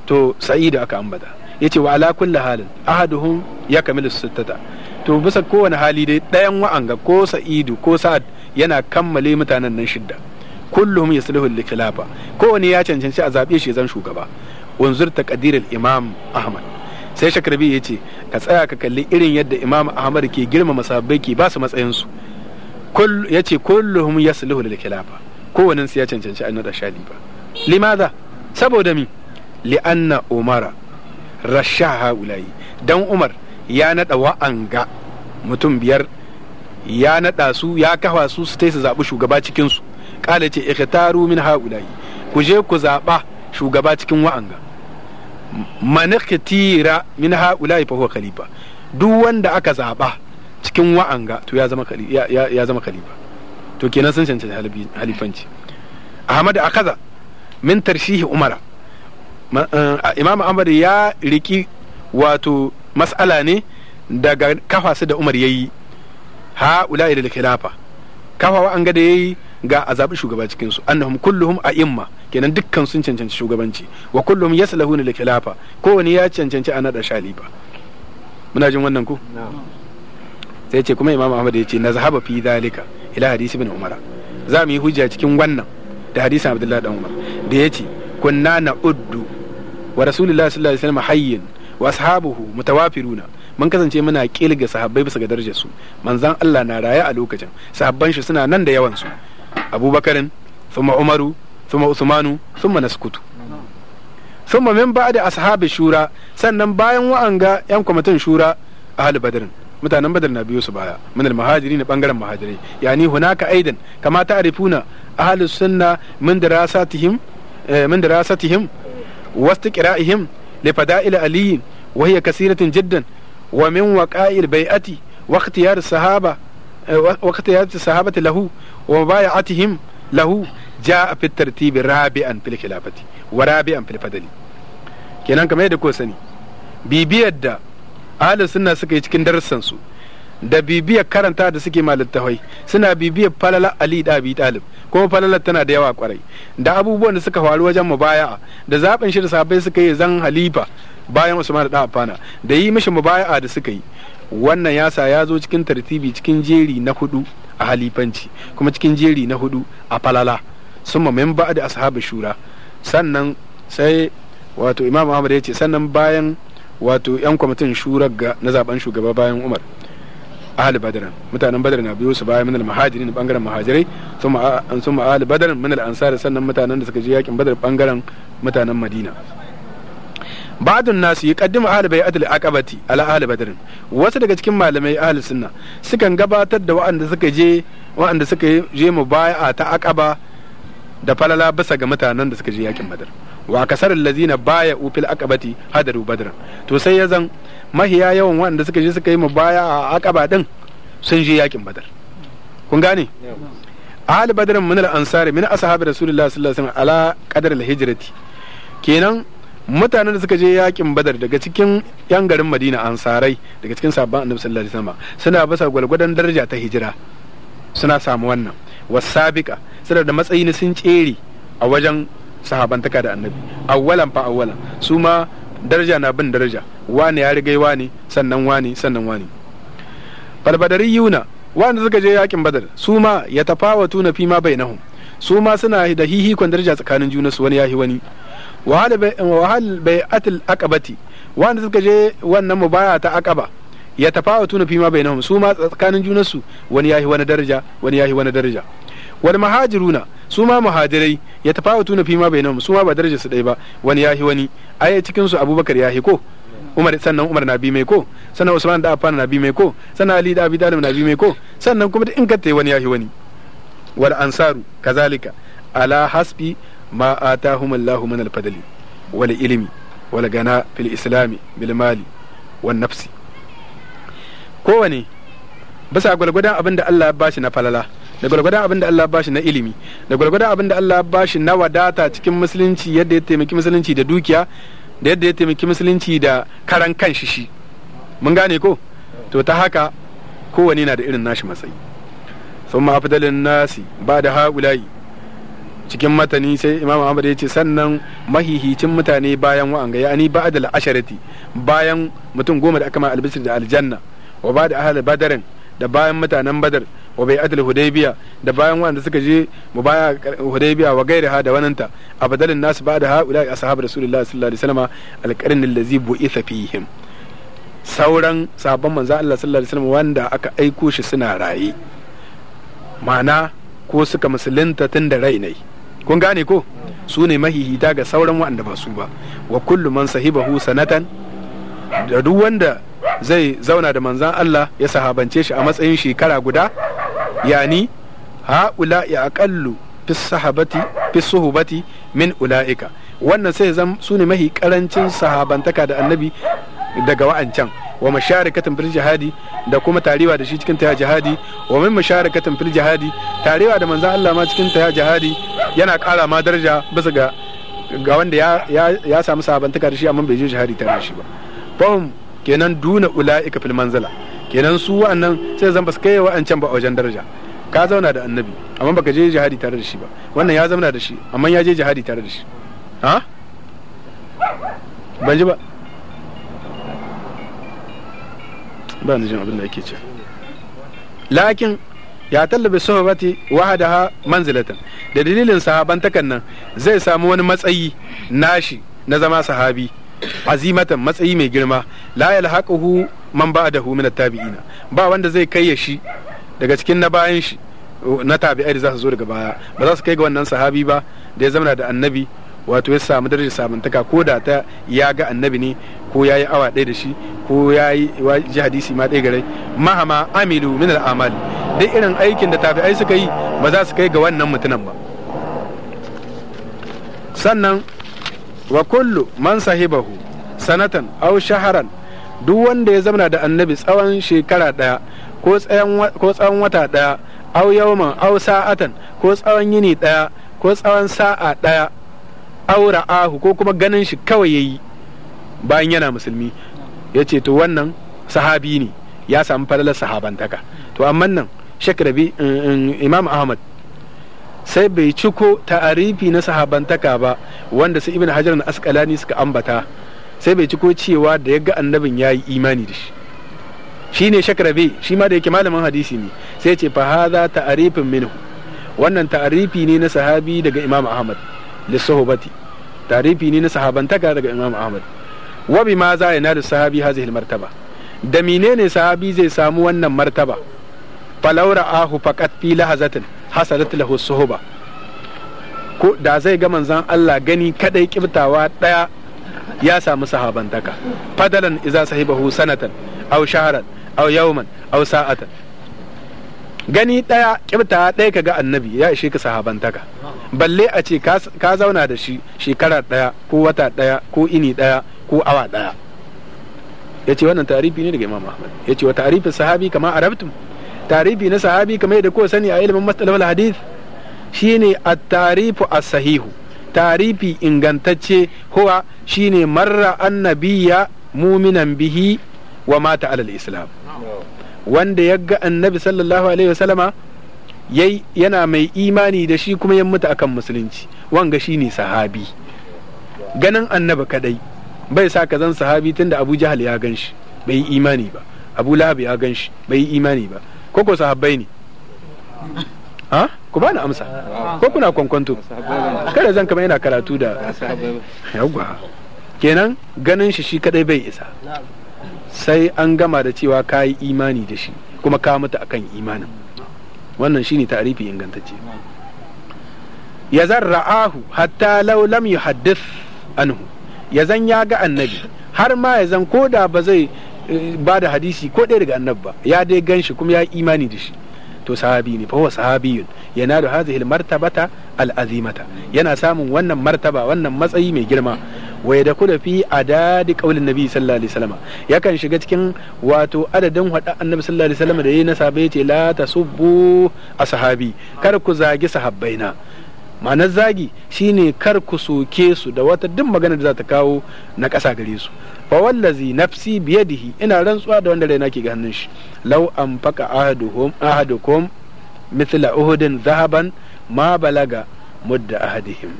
to Sa'idu aka ambata yace wa ala kulli halin ahaduhum ya kamilu sittata to bisa kowane hali dai ɗayan wa'anga ko sa'idu ko sa'ad yana kammale mutanen nan shidda kulluhum yasluhu li khilafa kowane ya cancanci a zabe shi zan shugaba wanzur taqdiril imam ahmad sai shakrabi ya ce ka tsaya ka kalli irin yadda imam ahmad ke girmama sahabbai ke ba su matsayin su ya ce kulluhum yasluhu lil khilafa su ya cancanci a nada shali ba limaza saboda mi li'anna umara rashaha ulai dan umar ya nada wa'anga mutum biyar ya naɗa su ya kafa su su tai su zaɓi shugaba cikin su kala ce ikhtaru min haula'i ku je ku zaɓa shugaba cikin wa'anga man ikhtira min haula'i fa huwa khalifa duk wanda aka zaɓa cikin wa'anga to ya zama ya zama khalifa to kenan sun cancanci halifanci ahmad akaza min tarshihi umara eh, imam ahmad ya riki wato mas'ala ne daga kafa su da umar yayi Ha ulai da khilafa kafawa an ga da yayi ga a zabi shugaba cikin su annahum kulluhum imma kenan dukkan sun cancanci shugabanci wa kulluhum yaslahu lil khilafa kowani ya cancanci a da shalifa muna jin wannan ku sai ce kuma imam ahmad ya ce na zahaba fi zalika ila hadisi ibn umara za mu yi hujja cikin wannan da hadisi abdullahi dan umar da ya ce kunna na uddu wa rasulullahi sallallahu alaihi wasallam hayyin wa ashabuhu mutawafiruna mun kasance muna kilga sahabbai bisa ga darajar su manzan Allah na raya a lokacin sahabban shi suna nan da yawan su abubakarin thumma umaru thumma usmanu thumma naskutu thumma min ba'da ashabi shura sannan bayan wa'anga yan kwamitin shura ahli badrin mutanen badar na biyo su baya min almahajiri na bangaren mahajirai yani hunaka aidan kama ta'rifuna ahli sunna min dirasatihim eh, min dirasatihim wastiqra'ihim li fada'il ali وهي كثيرة جدا ومن وقاء البيعة واختيار الصحابة آه، واختيار الصحابة له ومبايعتهم له جاء في الترتيب رابعا في الخلافة ورابعا في الفضل كنان كما يدكو سني sani bibiyar da ahalin sunna suka yi cikin darussan da bibiyar karanta da suke ma suna bibiyar falala ali da abi talib kuma falalar tana da yawa kwarai da abubuwan da suka faru wajen mubaya'a da zaben shi da sabai suka yi zan halifa bayan usman da afana da yi mishi mubaya'a da suka yi wannan yasa ya zo cikin tartibi cikin jeri na hudu a halifanci kuma cikin jeri na hudu a falala ma min da ashabi shura sannan sai wato imam ahmad ya ce sannan bayan wato yan kwamitin shurar na zaben shugaba bayan umar ahli badr mutanen badr na biyo su baya min al-muhajirin bangaren muhajirai thumma thumma ahli badr min al-ansar sannan mutanen da suka je yakin badr bangaren mutanen madina ba'dun nasu yuqaddimu ahli bai'at al-aqabati ala ahli badr wasu daga cikin malamai ahli sunna sukan gabatar da wa'anda suka je wa'anda suka je mubaya'a ta aqaba da falala bisa ga mutanen da suka je yakin wa kasar allazina baya ufil aqabati hadaru to sai ya zan mahiya yawan wanda suka je suka yi baya a akaba din sun je yakin badar kun gane ahal badarin min al ansari min ashabi rasulullah sallallahu alaihi wasallam ala qadar al hijrati kenan mutanen da suka je yakin badar daga cikin yan garin madina ansarai daga cikin sabban annabi sallallahu alaihi wasallam suna basa gwalgwadon daraja ta hijira suna samu wannan wasabika sabika da matsayi sun tsere a wajen sahabantaka da annabi awwalan fa awwalan su ma daraja na bin daraja wani ya rigai wani sannan wani sannan wani balbadari yuna wanda suka je yakin badar su ma ya tafawatu na fima bainahum su ma suna da hihikon daraja tsakanin juna su wani yahi wani wahal bai atil akabati wanda suka je wannan mubaya ta akaba ya tafawatu na fima bainahum su ma tsakanin juna su wani yahi wani daraja wani yahi wani daraja wal muhajiruna su ma muhajirai ya tafawatu fi bai bainahum su ma ba darajarsu su ba wani yahi wani ai cikin su abubakar yahi ko umar sannan umar na bi mai ko sannan usman da affan na bi mai ko sannan ali da abi dalib na bi mai ko sannan kuma in ka tai wani yahi wani wal ansaru kazalika ala hasbi ma atahum allah min al fadli wal ilmi wal gana fil islami bil mali wan nafsi kowane bisa gwalgwadon abin da Allah ya bashi na falala da gwargwadon abin da Allah bashi na ilimi da gwargwadon abin da Allah bashi na wadata cikin musulunci yadda ya taimaki musulunci da dukiya da yadda ya taimaki musulunci da karan kan shi shi mun gane ko to ta haka kowane na da irin nashi matsayi sun ma afdalin nasi ba da haƙulayi cikin matani sai imam ahmad ya ce sannan mahihicin mutane bayan wa'anga ya ani ba da asharati bayan mutum goma da aka ma albisir da aljanna wa ba da ahal badarin da bayan mutanen badar wa bai adal hudaybiya da bayan wanda suka je mu baya hudaybiya wa gairaha da wananta abadalin nasu ba da ha ulai ashabu rasulullahi sallallahu alaihi wasallam alqarn allazi bu'itha fihim sauran sabon manzo Allah sallallahu alaihi wasallam wanda aka aiko shi suna raye mana ko suka musulunta tun da rai ne kun gane ko su ne mahihita ga sauran waɗanda ba su ba wa kullu man sahibahu sanatan da duk wanda zai zauna da manzan Allah ya sahabance shi a matsayin shekara guda yani ha'ula ya aqallu fi sahabati fi min ula'ika wannan sai zan su ne mahi karancin sahabantaka da annabi daga wa'ancan wa masharikatin fil jihadi da kuma tarewa da shi cikin ta jihadi wa min katin fil jihadi tarewa da manzon Allah ma cikin ta jihadi yana kara ma daraja bisa ga ga wanda ya ya, samu sahabantaka da shi amma bai je jihadi tare shi ba fahim kenan duna ula'ika fil manzala kenan su wa'annan sai zan ba su kai wa'ancan ba a wajen daraja ka zauna da annabi amma baka je jihadi tare da shi ba wannan ya zauna da shi amma ya je jihadi tare da shi ha ban ji ba ba ni jin abin da yake ce lakin ya tallabe sahabati wahadaha manzilatan da dalilin sahabantakan nan zai samu wani matsayi nashi na zama sahabi azimatan matsayi mai girma la yalhaquhu man ba'dahu min at-tabi'ina ba wanda zai kai ya shi daga cikin na bayan shi na tabi'ai da za su zo daga baya ba za su kai ga wannan sahabi ba da ya zama da annabi wato ya samu darajar sabuntaka ko da ta ya ga annabi ne ko ya yi awa ɗaya da shi ko ya yi ji hadisi ma ɗaya garai mahama amilu min al'amali duk irin aikin da tabi'ai suka yi ba za su kai ga wannan mutumin ba sannan wa kullu man sahibahu sanatan aw shaharan duk wanda ya zamana da annabi tsawon shekara ɗaya ko tsawon wata ɗaya au yawman au sa'atan ko tsawon yini ɗaya ko tsawon sa'a ɗaya au ra'ahu ko kuma ganin shi kawai yayi bayan yana musulmi yace ce to wannan sahabi ne ya samu falalar sahabantaka to amma nan shakarabi eh, eh, imam ahmad sai bai ciko ta'arifi na sahabantaka ba wanda su ibn hajar na askalani suka ambata sai bai ciko cewa da ya ga annabin ya yi imani da shi shi ne shakarabe shi ma da yake malamin hadisi ne sai ce fa haza ta'arifin minhu wannan ta'arifi ne na sahabi daga imam ahmad lissuhbati ta'arifi ne na sahabantaka daga imam ahmad wa ma za da sahabi hadhihi martaba da menene sahabi zai samu wannan martaba falaura ahu faqat fi lahazatin hasalat lahu suhuba ko da zai ga manzan Allah gani kadai kibtawa daya ya samu sahabantaka fadalan iza sahibahu sanatan aw shahran aw yawman aw sa'atan gani daya kibta daya kaga annabi ya ishe ka sahabantaka balle a ce ka zauna da shi shekara daya ko wata daya ko ini daya ko awa daya ya ce wannan tarifi ne daga imam ahmad ya ce wa tarifin sahabi kama arabtum tarifi na sahabi kamar yadda ko sani a ilimin matsalar hadith shine at-tarifu as-sahihu tarifi ingantacce huwa shine marra annabiya muminan bihi wa mata alal islam wanda ya ga annabi sallallahu alaihi wasallama yai yana mai imani da shi kuma ya mutu akan musulunci wanga shine sahabi ganin annabi kadai bai sa ka zan sahabi tunda abu jahal ya ganshi. bai imani ba abu lahab ya ganshi. bai imani ba ko ko sahabbai ne ha ku ba ni amsa ko kuna kwankwanto kada zan kama yana karatu da yawwa kenan ganin shi shi kadai bai isa sai an gama da cewa ka yi imani da shi kuma ka mutu akan imanin wannan shine ta'arifi ingantacce ya zan ra'ahu hatta law lam yuhaddith anhu ya zan ya ga annabi har ma ya zan koda ba zai ba da hadisi ko ɗaya daga annabi ba ya dai gan shi kuma ya imani da shi to sahabi ne fahuwa sahabiyun yana da hadhihi martabata al'azimata yana samun wannan martaba wannan matsayi mai girma wa ya dakula fi adadi qaulin nabi sallallahu alaihi wasallam yakan shiga cikin wato adadin hada annabi sallallahu alaihi wasallam da yayi na sahabbai ce la tasubbu ashabi kar ku zagi sahabbaina ma'anar zagi shine kar ku soke su da wata duk magana da za ta kawo na ƙasa gare su fa wallazi nafsi biyadihi ina rantsuwa da wanda raina ke ga hannun shi law anfaqa ahaduhum ahadukum mithla uhudin zahaban ma balaga mudda ahadihim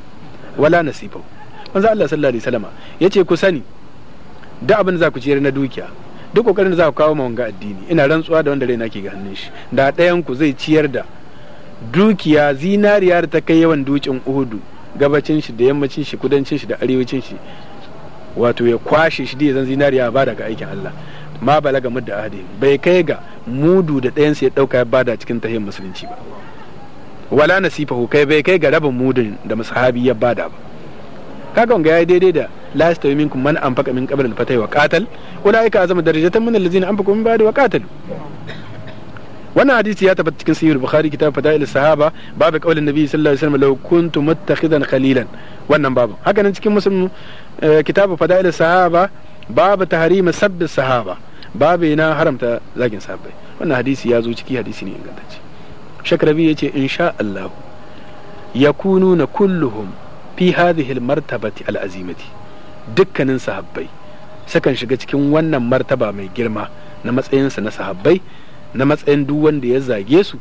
wala nasifau manzo Allah sallallahu alaihi wasallama yace ku sani da abin da za ku ciyar na dukiya duk kokarin da za ku kawo ma wanga addini ina rantsuwa da wanda raina ke ga hannun shi da ɗayan ku zai ciyar da dukiya zinariya da ta kai yawan dukin uhudu gabacin shi da yammacin shi kudancin shi da arewacin shi wato ya kwashe shi da zan zinariya ba daga aikin Allah ma balaga mudda ahadi bai kai ga mudu da ɗayan ya dauka ya bada cikin tahiyyar musulunci ba wala nasifahu kai bai kai ga rabin mudun da musahabi ya bada ba kaga wanga yayi daidai da la yastawi minkum man anfaqa min qabl al-fatay wa qatal ulaika azama darajatan min allazina anfaqu min ba'di wa wannan hadisi ya tabbata cikin sahih bukhari kitab fadail sahaba babu qaulin nabi sallallahu alaihi wasallam law kuntu muttakhidan khalilan wannan babu haka nan cikin muslim eh, kitab fadail sahaba babu tahrim sabbi sahaba babu ina haramta zagin sahabbai wannan hadisi ya zo ciki hadisi ne ingantacce shakrabi yace insha Allah yakununa kulluhum fi hadhihi almartabati alazimati dukkanin sahabbai sakan shiga cikin wannan martaba mai girma na matsayinsa na sahabbai na matsayin duk wanda ya zage su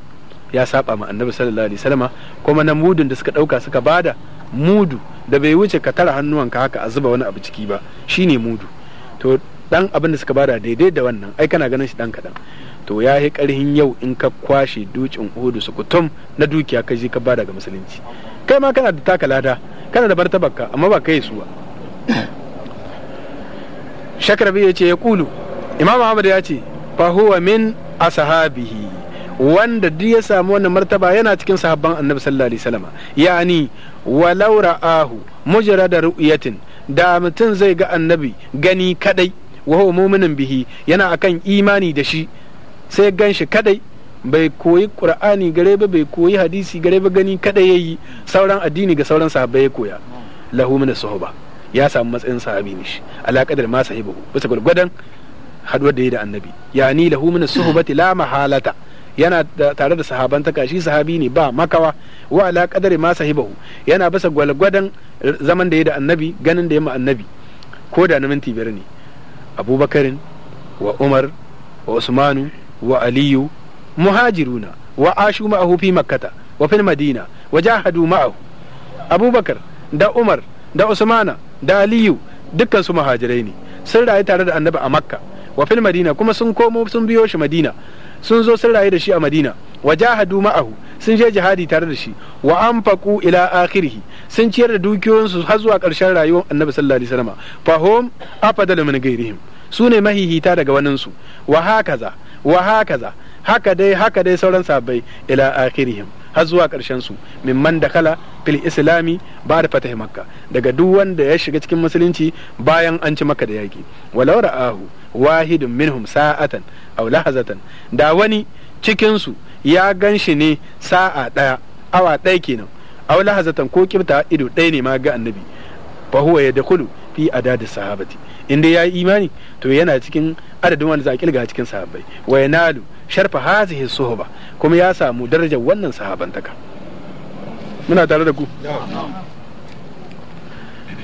ya saba ma annabi sallallahu alaihi wasallama kuma na mudun da suka dauka suka bada mudu da bai wuce ka tara hannuwanka haka a zuba wani abu ciki ba shine mudu to dan abin da suka bada daidai da wannan ai kana ganin shi dan kadan to ya yi karhin yau in ka kwashe dukin hudu su kutum na dukiya ka je ka bada ga musulunci kai ma kana da taka lada kana da bartabakka amma ba kai suwa shakrabi ya ce ya kulu imam ahmad ya ce fa min ashabihi wanda duk ya samu wannan martaba yana cikin sahabban annabi sallallahu alaihi wasallam yani walau ra'ahu mujrada ru'yatin da mutum zai ga annabi gani kadai wa huwa mu'minin bihi yana akan imani da shi sai gan shi kadai bai koyi qur'ani gare ba bai koyi hadisi gare ba gani kadai yayi sauran addini ga sauran sahabbai ya koya lahu min sahaba ya samu matsayin sahabi ne shi ala qadar ma sahibu bisa haduwar da ya da annabi ya yani lahu min suhbati la mahalata yana tare da sahaban ta kashi sahabi ne ba makawa wa ala qadari ma sahibahu yana basa gwalgwadan zaman da ya da annabi ganin da ya ma annabi ko da na minti biyar ne abubakarin wa umar wa usmanu wa aliyu muhajiruna wa ashu ma'ahu fi makkata wa fil madina wa jahadu ma'ahu abubakar da umar da usmana da aliyu dukkan su muhajirai ne sun rayu tare da annabi a makka wa fil madina kuma sun komo sun biyo shi madina sun zo sun rayu da shi a madina wa jahadu ma'ahu sun je jihadi tare da shi wa anfaqu ila akhirihi sun ciyar da dukiyoyinsu har zuwa karshen rayuwar annabi sallallahu alaihi wasallam fa hum afdalu min ghairihim su ne mahihita daga su. wa hakaza wa hakaza haka dai haka dai sauran sahabbai ila akhirihim har zuwa ƙarshen su mimman da kala fil islami ba da fatah makka daga duk wanda ya shiga cikin musulunci bayan an ci maka da yaki walau ra'ahu wahidun minhum sa'atan aw lahazatan da wani cikin su ya gan shi ne sa'a ɗaya awa ɗaya kenan aw lahazatan ko kibta ido ɗaya ne ma ga annabi fa huwa yadkhulu fi adadi sahabati in ya yi imani to yana cikin adadin wanda za a kilga cikin sahabbai wa yanalu sharfa hazihi suhba kuma ya samu darajar wannan sahabantaka muna tare da ku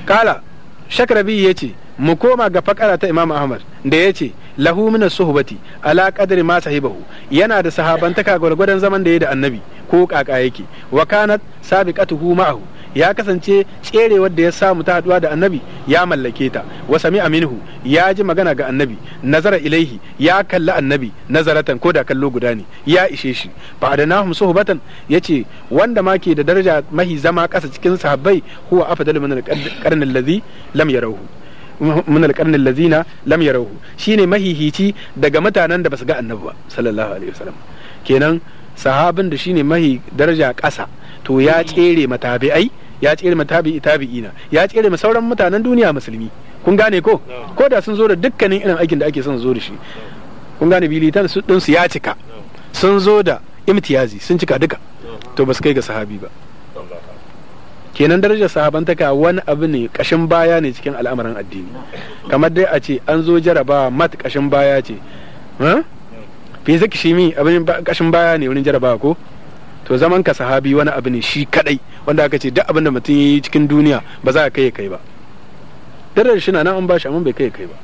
kala shakrabi ce. mu koma ga fakara ta Imam Ahmad da ya ce lahu min suhbati ala qadri ma sahibahu yana da sahabantaka gwargwadon zaman da ya da annabi ko kaka yake wa kanat sabiqatuhu ma'ahu ya kasance tserewar da ya samu ta haduwa da annabi ya mallake ta wa sami aminhu ya ji magana ga annabi nazara ilaihi ya kalli annabi nazaratan ko da kallo guda ne ya ishe shi fa adanahum suhbatan yace wanda ma ke da daraja mahi zama kasa cikin sahabbai huwa afdalu min al ladhi lam yarahu min alqarnil lazina lam yarahu shine mahihici daga mutanen da basu ga annabi ba sallallahu alaihi wa sallam kenan sahabin da shi ne mahi daraja ƙasa to ya tsere matabi'ai ya tsere matabi'i tabi'ina ya tsere ma sauran mutanen duniya musulmi kun gane ko ko da sun zo da dukkanin irin aikin da ake son zo da shi kun gane bilitan su din su ya cika sun zo da imtiyazi sun cika duka to ba su kai ga sahabi ba kenan darajar sahabantaka wani abu ne kashin baya ne cikin al'amarin addini kamar dai a ce an zo jarabawa mat kashin baya ce shi mi abin kashin baya ne wurin jarabawa ko to zaman ka sahabi wani abu ne shi kadai wanda aka ce duk abin da mutum yi cikin duniya ba za a kai kai ba darajar shi na nan an ba shi amma bai kai kai ba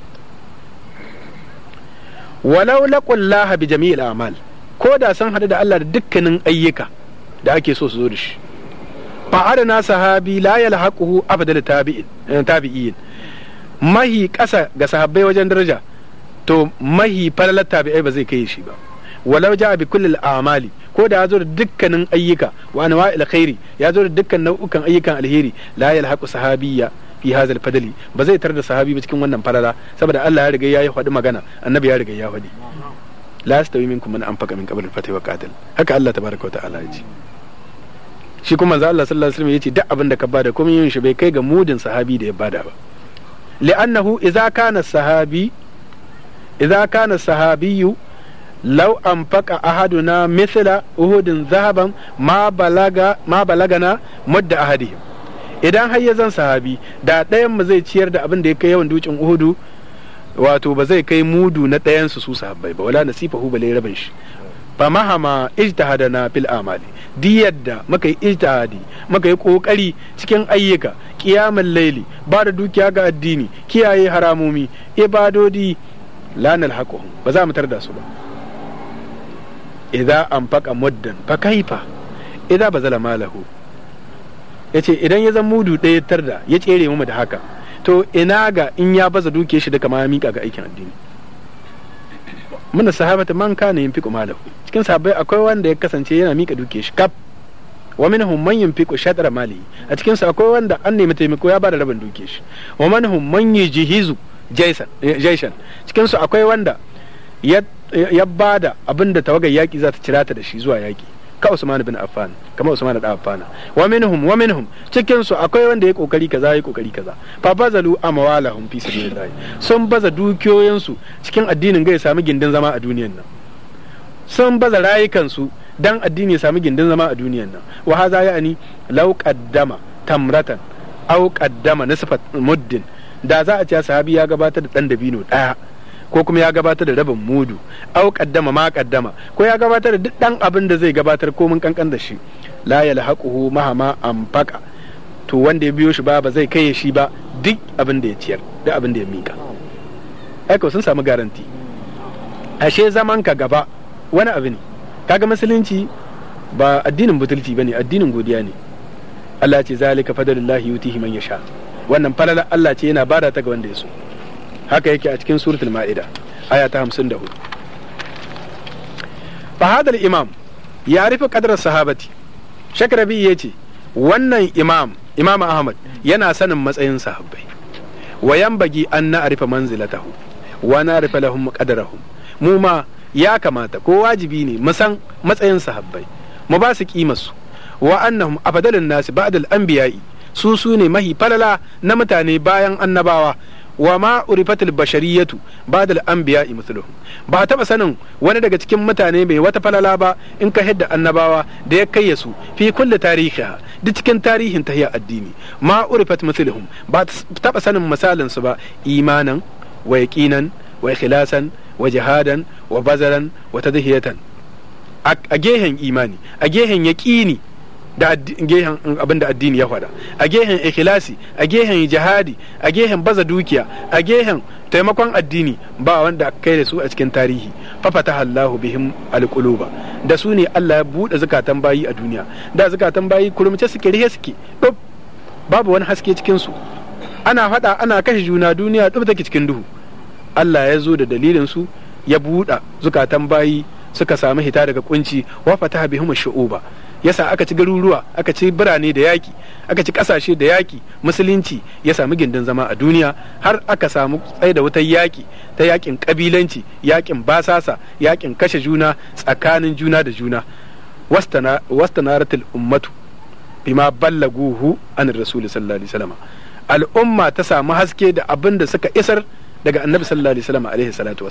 walau laqullah bi jami'il a'mal ko da san hadu da Allah da dukkanin ayyuka da ake so su zo da shi fa na sahabi la yalhaquhu abdal eh, tabi'in mahi ƙasa ga sahabbai wajen daraja to mahi falalar tabi'ai ba zai kai shi ba walau ja bi kullil amali ko da ya zo da dukkanin ayyuka wa anwa alkhairi ya zo da dukkan nau'ukan ayyukan alheri la yalhaqu sahabiyya fi hadha alfadli ba zai tar da sahabi ba cikin wannan falala saboda Allah ya riga ya yi faɗi magana annabi ya riga ya faɗi la yastawi minkum man anfaqa min qabl al-fatih wa qatal haka Allah tabaraka wa ta'ala ya ce shi kuma manzo Allah sallallahu alaihi wasallam yace duk abin da ka bada kuma yin shi bai kai ga mudin sahabi da ya bada ba li'annahu idza kana sahabi idza kana sahabiyyu law anfaqa ahaduna mithla uhudin zahaban ma balaga ma balagana mudda ahadihim idan har ya zan sahabi da ɗayan mu zai ciyar da abin da ya kai yawan dukin uhudu wato ba zai kai mudu na ɗayan su su sahabbai ba wala nasifahu bale rabin shi ba mahama ijtihadana fil amali di yadda muka yi ijtihadi muka yi kokari cikin ayyuka kiyamin laili ba da dukiya ga addini kiyaye haramomi ibadodi lanar haƙohun ba za mu tarda su ba idan an muddan fa kaifa idza ba malahu ya ce idan ya zan mudu ɗaya tarda ya tsere mu da haka to ina ga in ya baza dukiyar shi da kamar ya ga aikin addini sahaba sahabata man kana yunfiqu malahu cikin sahabbai akwai wanda ya kasance yana mika duke shi kaf wa minhum man yunfiqu shatra mali a cikin su akwai wanda an nemi taimako ya bada rabin duke shi wa minhum man jihizu jaisan cikin su akwai wanda ya bada abinda tawagar yaki za ta cira ta da shi zuwa yaƙi. ka Usman bin Affan kama Usman da Affan wa minhum wa minhum cikin su akwai wanda ya kokari kaza ya kokari kaza fa bazalu amwalahum fi sabilillah sun baza dukiyoyin su cikin addinin ga ya gindin zama a duniyar nan sun baza rayukan su dan addini ya sami gindin zama a duniyar nan wa haza ya'ani law qaddama tamratan aw qaddama nisfat muddin da za a ce sahabi ya gabatar da dan dabino daya ko kuma ya gabatar da rabin mudu au kaddama ma kaddama ko ya gabatar da duk dan abin da zai gabatar ko mun kankan da shi la yalhaquhu mahama anfaqa to wanda ya biyo shi ba ba zai kai shi ba duk abin da ya ciyar duk abin da ya mika ko sun samu garanti ashe zaman ka gaba wani abu ne kaga musulunci ba addinin butulci bane addinin godiya ne Allah ce zalika fadlullahi yutihi man yasha wannan falalar Allah ce yana bada ta ga wanda ya so haka yake a cikin suratul ma'ida aya ta 54 fa hadal imam ya rufe kadar sahabati shakrabi ya ce wannan imam imam ahmad yana sanin matsayin sahabbai wa bagi an manzila arifa manzilatahu wa na lahum qadarahum mu ma ya kamata ko wajibi ne mu san matsayin sahabbai mu ba su kimarsu wa annahum afdalun nasi ba'da al-anbiya'i su su ne mahi falala na mutane bayan annabawa wa ma urifatul bashariyatu ba'da al-anbiya mithluhum ba taba sanin wani daga cikin mutane mai wata falala ba in ka hidda annabawa da ya kai su fi kulli tarihiha duk cikin tarihin tahiyya addini ma urifat mithluhum ba taba sanin misalin su ba imanan wa yaqinan wa ikhlasan wa jihadan wa bazaran wa tadhiyatan a gehen imani a gehen yaqini da gehen mm, abin da addini ya faɗa a gehen ikhlasi a gehen jihadi a gehen baza dukiya a gehen taimakon addini ba wanda aka kai da su a cikin tarihi fafata Allahu bihim alquluba da su ne Allah ya buɗe zakatan bayi a duniya da zakatan bayi kurumce suke rihe suke dub babu wani haske cikin su ana faɗa ana kashe juna duniya dub take cikin duhu Allah ya zo da dalilin su ya buɗa zukatan bayi suka samu hita daga kunci wa fataha bihim shu'uba yasa aka ci garuruwa aka ci birane da yaki aka ci kasashe da yaki musulunci ya sami gindin zama a duniya har aka samu tsaye da wutar yaki ta yakin kabilanci yakin basasa yakin kashe juna tsakanin juna da juna wastanaratul ummatu bima ballaguhu an rasul sallallahu alaihi wasallam al'umma ta samu haske da abin da suka isar daga annabi sallallahu alaihi wasallam alaihi salatu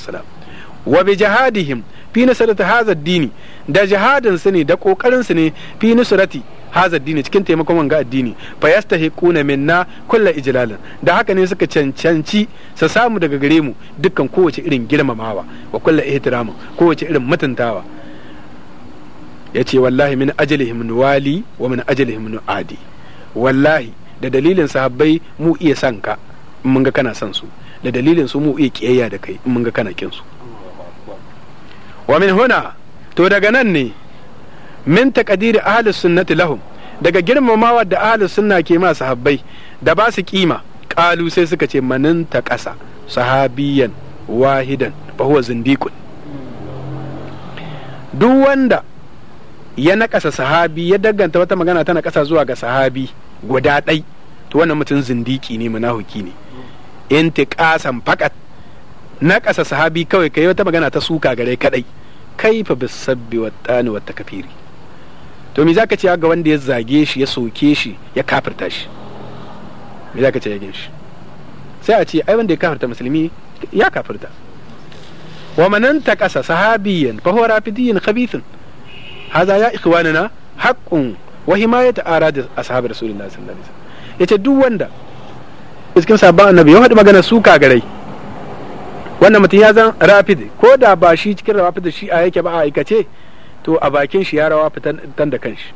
wa bi jihadihim fi nusrati hadha ad-dini da jihadin su ne da kokarin su ne fi nusrati hadha ad-dini cikin taimakon wanga addini fa yastahiquna minna kulla ijlalan da haka ne suka cancanci su samu daga gare mu dukkan kowace irin girmamawa wa kullu ihtiramin kowace irin mutuntawa yace wallahi min ajlihim nuwali wa min ajlihim nuadi wallahi da dalilin sahabbai mu iya sanka mun ga kana son su da dalilin su mu iya kiyayya da kai mun ga kana kin su wa min huna to daga nan ne min taqdiri ahli sunnati lahum daga girmamawa da ahli sunna ke ma sahabbai da ba su kima kalu sai suka ce manin ta ƙasa sahabiyan wahidan fa huwa zindiqun duk wanda ya naƙasa sahabi ya danganta wata magana tana ƙasa zuwa ga sahabi guda ɗai to wannan mutum zindiki ne munahuki ne in kasan fakat naƙasa sahabi kawai kai wata magana ta suka gare kadai kaifa bis sabbi wa tani wa takfiri to me zaka ce ga wanda ya zage shi ya soke shi ya kafirta shi me zaka ce ya shi sai a ce ai wanda ya kafirta musulmi ya kafirta wa man ta kasa sahabiyan fa huwa rafidiyin khabithun hadha ya ikhwanana haqqun wa himayatu arad ashabi rasulillahi sallallahu alaihi wasallam yace duk wanda cikin sabon annabi ya hadu magana suka garai wannan mutum ya zan rafid ko da ba shi cikin rafid shi a yake ba a aikace to a bakin shi ya rawa fitan da kanshi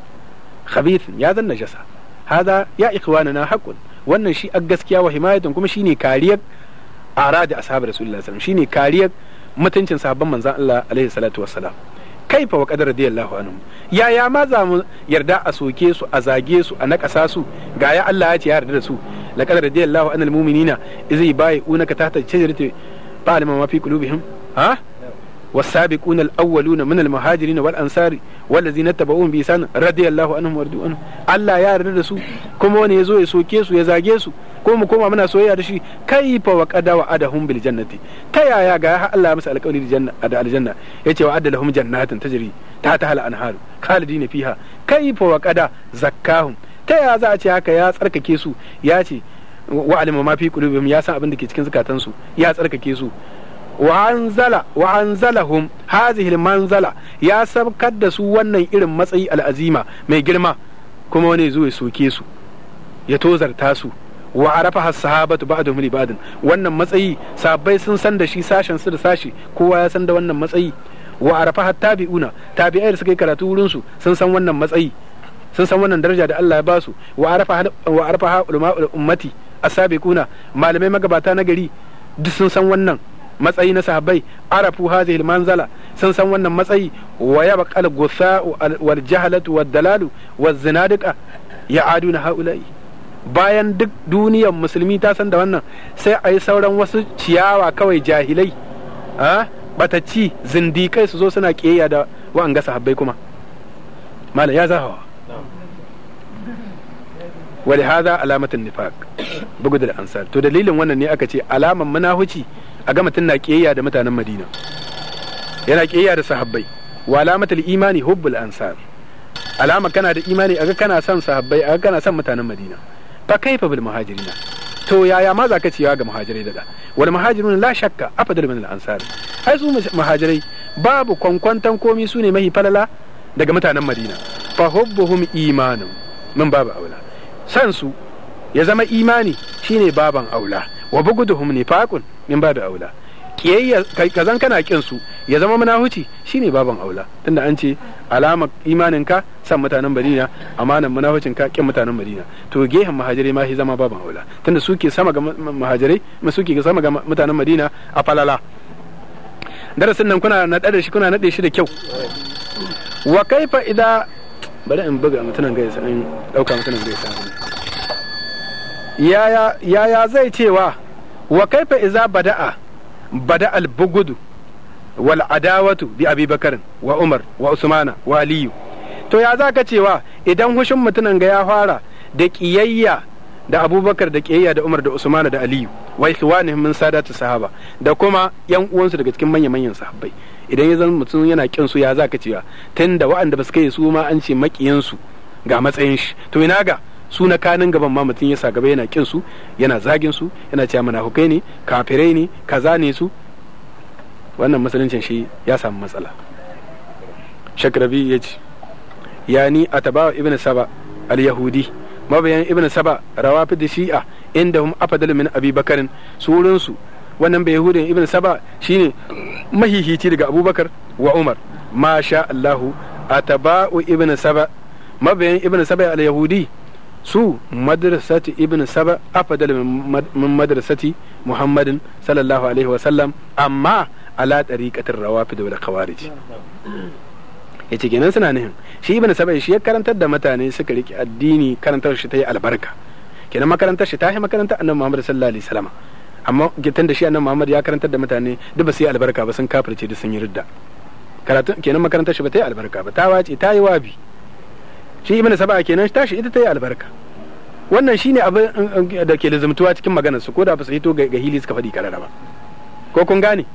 khabith ya zan najasa hada ya ikhwanana haqqun wannan shi a gaskiya wa himayatun kuma shine kariyar aradi ashabi rasulullahi sallallahu shine kariyar mutuncin sahabban manzon Allah alaihi salatu wassalam kaifa wa qadar radiyallahu anhu yaya ma za mu yarda a soke su a zage su a nakasa su ga ya Allah ya ce ya yarda da su laqad radiyallahu anil mu'minina idh yubayi'unaka tahta shajarati ta'lamu ma fi qulubihim ha والسابقون الأولون من المهاجرين والأنصار والذين bi بإحسان رضي الله عنهم وردوا عنه الله يا رد su kuma wani zo ya soke su ya zage su ko mu koma muna soyayya da shi kaifa wa qada wa adahum bil jannati ta yaya ga Allah ya alƙawari da janna da aljanna yace wa adda lahum jannatin tajri ta ta hal anharu khalidin fiha kaifa wa qada ta yaya za a ce haka ya tsarkake su ya ce Wa'alima alima ma fi qulubihim ya san abin da ke cikin zukatansu ya tsarkake su wa anzala wa anzalahum hadhihi almanzala ya sabkar da su wannan irin matsayi al'azima mai girma kuma wani zuwa soke su ya tozarta su wa arafa as-sahabatu ba'dhum li ba'd wannan matsayi sabai sun san da shi sashen su da sashi kowa ya san da wannan matsayi wa arafa tabi'una tabi'ai da suka yi karatu wurin su sun san wannan matsayi sun san wannan daraja da Allah ya ba su wa arafa wa arafa ummati asabiquna malamai magabata na gari duk sun san wannan matsayi na sahabbai arafu hazihil manzala sun san wannan matsayi wa ya baqal gusa wal jahalatu wad dalalu waz zinadika ya haula'i bayan duk duniyar musulmi ta san da wannan sai a yi sauran wasu ciyawa kawai jahilai a batacci zindikai su zo suna keya da wa'anga sahabbai kuma mala ya zahawa wa hadha alamatun nifaq bugu da ansar to dalilin wannan ne aka ce alaman munahuci a ga na kiyayya da mutanen Madina yana keya da sahabbai wa alamatul imani hubbul ansar alama kana da imani aga kana son sahabbai aga kana son mutanen Madina fa kaifa bil muhajirina to yaya ma zaka ciya ga muhajirai daga wal muhajirun la shakka afdal min al ansar ai su muhajirai babu kwankwantan komi su ne mahi falala daga mutanen Madina fa hubbuhum min babu aula san su ya zama imani shine baban aula wa buguduhum nifaqun min da aula kiyayya kazan kana kin su ya zama munahuci shine baban aula tunda an ce alamar imanin ka san mutanen Madina amanan munahucin ka kin mutanen Madina to gehen muhajirai ma shi zama baban aula tunda suke sama ga muhajirai ma suke sama ga mutanen Madina a falala darasin nan kuna naɗe shi kuna naɗe shi da kyau wa kaifa idza bari in buga mutunan sa in ɗauka mutunan gaisa yaya zai cewa wa kaifa iza bada'a bada'al bugudu wal adawatu bi abi wa umar wa usmana wa aliyu to ya za cewa idan hushin mutunan ga ya fara da ƙiyayya da abubakar da ƙiyayya da umar da usmana da aliyu wa ikhwanihim min sadatu sahaba da kuma yan uwansu daga cikin manya-manyan sahabbai idan ya zama mutum yana kin su ya zaka cewa tun da waɗanda ba su kai su ma an ce maƙiyansu ga matsayin shi to ina ga su na kanin gaban ma mutum ya sa gaba yana kyan su yana zagin su yana cewa munafukai ne kafirai ne kaza ne su wannan musuluncin shi ya samu matsala shakrabi ya ce ya ni yani ataba ibn saba al-yahudi mabayan ibn saba rawafi da shi'a inda hum afdal min abi bakarin su wannan bai yahudin ibn saba shine mahihici daga abubakar wa umar ma sha allahu taba'u ibn saba mabiyan ibn saba al yahudi su madrasati ibn saba afdal min madrasati muhammadin sallallahu alaihi wa sallam amma ala tariqatir rawafid wal khawarij yace kenan suna nihin shi ibn saba shi ya karantar da mutane suka riki addini karantar shi ta yi albarka kenan makarantar shi ta yi makarantar annabi muhammad sallallahu alaihi wasallam amma gitan da shi annabi Muhammad ya karantar da mutane duk ba su yi albarka ba sun kafirce duk sun yi ridda karatu kenan makarantar shi ba ta yi albarka ba ta wace ta yi wabi shi ibn sab'a kenan tashi ita ta yi albarka wannan shine abu da ke lazumtuwa cikin maganar su ko da ba su yi to ga hili suka faɗi karara ba ko kun gane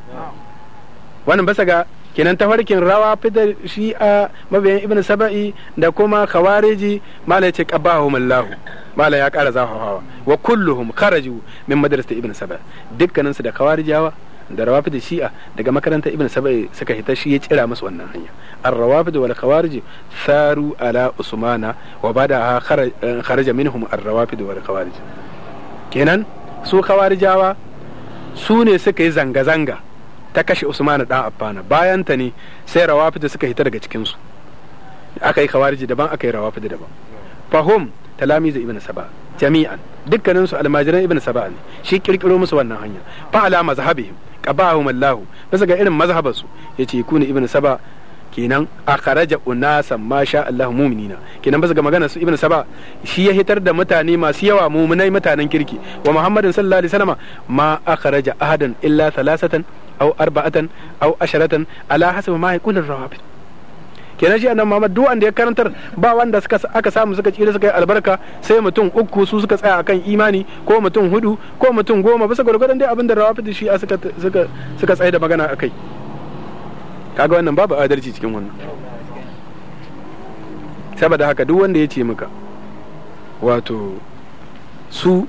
wannan basa ga kenan farkin rawa fitar shi'a mabiyan ibn saba'i da kuma khawariji mala ce qabahum mallahu mala ya kara zahawa wa kulluhum kharaju min madrasati ibn saba'i dukkanin su da khawarijawa da rawafid shi'a daga makaranta ibn saba'i suka hita shi ya tsira musu wannan hanya ar rawafid wal khawarij tharu ala usmana wa bada eh, kharaja minhum ar rawafid wal khawarij kenan su khawarijawa su ne suka yi zanga zanga ta kashe usman dan affana bayan ta ne sai rawafid suka hita daga cikin su aka yi khawariji daban aka yi rawafid daban fahum talamizu ibn saba jami'an dukkanin su almajiran ibn saba ne shi kirkiro musu wannan hanya fa ala mazhabihim qabahum allah bisa ga irin mazhabar su yace kuna ibn saba kenan a kharaja unasan ma sha Allah muminina kenan bisa ga maganar su ibn saba shi ya hitar da mutane masu yawa muminai mutanen kirki wa muhammadin sallallahu alaihi wasallam ma akharaja ahadan illa thalathatan أو أربعة أو asharatan على حسب ما yaqul الروابط kenan shi annabi Muhammad duk wanda ya karantar ba wanda suka aka samu suka ci suka yi albarka sai mutum uku su suka tsaya akan imani ko mutum hudu ko mutum goma bisa gwargwadon dai abin da rawafid shi suka suka suka tsaya da magana akai kaga wannan babu adalci cikin wannan saboda haka duk wanda ya ce maka wato su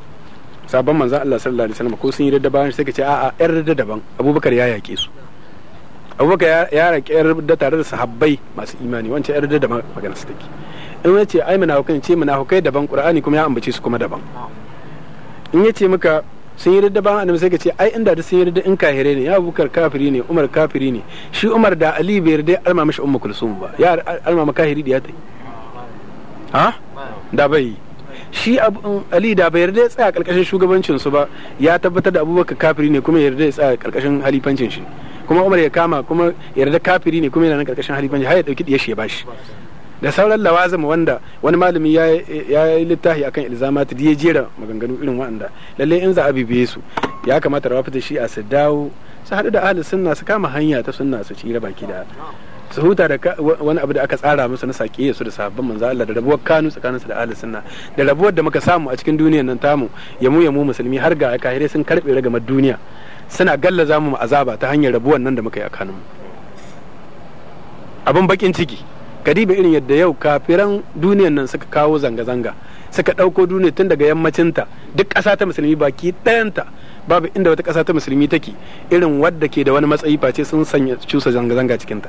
sabon manzan Allah sallallahu alaihi wasallam ko sun yi da daban sai ka ce a'a yar da daban abubakar ya yaƙe su abubakar ya raƙe yar da tare da sahabbai masu imani wancan yar da daban magana su take in ya ce ai munafukai ce munafukai daban qur'ani kuma ya ambace su kuma daban in ya ce maka sun yi da daban annabi sai ka ce ai inda da sun yi da in kahire ne ya abubakar kafiri ne umar kafiri ne shi umar da ali bai yarda alma mashi ummu kulsum ba ya alma makahiri da ya ta ha da bai shi um, ali da bai yarda ya tsaya karkashin shugabancin su ba ya tabbatar da abubakar kafiri ne kuma yarda ya tsaya karkashin halifancin shi kuma umar ya kama kuma yarda kafiri ne kuma yana nan karkashin halifancin har ya dauki diyashi ya bashi da sauran lawazim wanda wani malami ya yi littafi akan ilzamat da ya jera maganganu irin waɗanda lalle in za a bibiye su ya kamata rawafa da shi a su dawo su haɗu da ahli sunna su kama hanya ta sunna su ci baki da su huta da wani abu da aka tsara musu na saƙi su da sabbin manzo Allah da rabuwar kanu tsakanin su da ahlus sunna da rabuwar da muka samu a cikin duniyar nan tamu ya mu musulmi har ga kahire sun karbe ragamar duniya suna gallaza mu azaba ta hanyar rabuwar nan da muka yi a kanun abin bakin ciki kadiba irin yadda yau kafiran duniyar nan suka kawo zanga-zanga suka ɗauko duniya tun daga yammacinta duk ƙasa ta musulmi baki ɗayanta babu inda wata ƙasa ta musulmi take irin wadda ke da wani matsayi face sun sanya cusa zanga-zanga cikinta.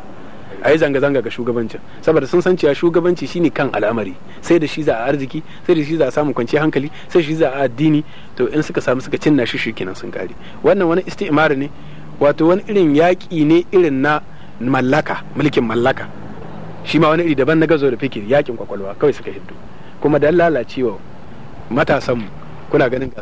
a yi zanga-zanga ga shugabancin saboda sun san cewa shugabanci shine kan al'amari sai da shi za a arziki sai da shi za a samu kwanciyar hankali sai shi za a addini to in suka samu suka cinna shi shikenan sun kare wannan wani istimar ne wato wani irin yaƙi ne irin na mallaka mulkin mallaka shi ma wani iri daban na gazo da fikir yakin kwakwalwa kawai suka hiddu kuma dan lalacewa matasanmu kuna ganin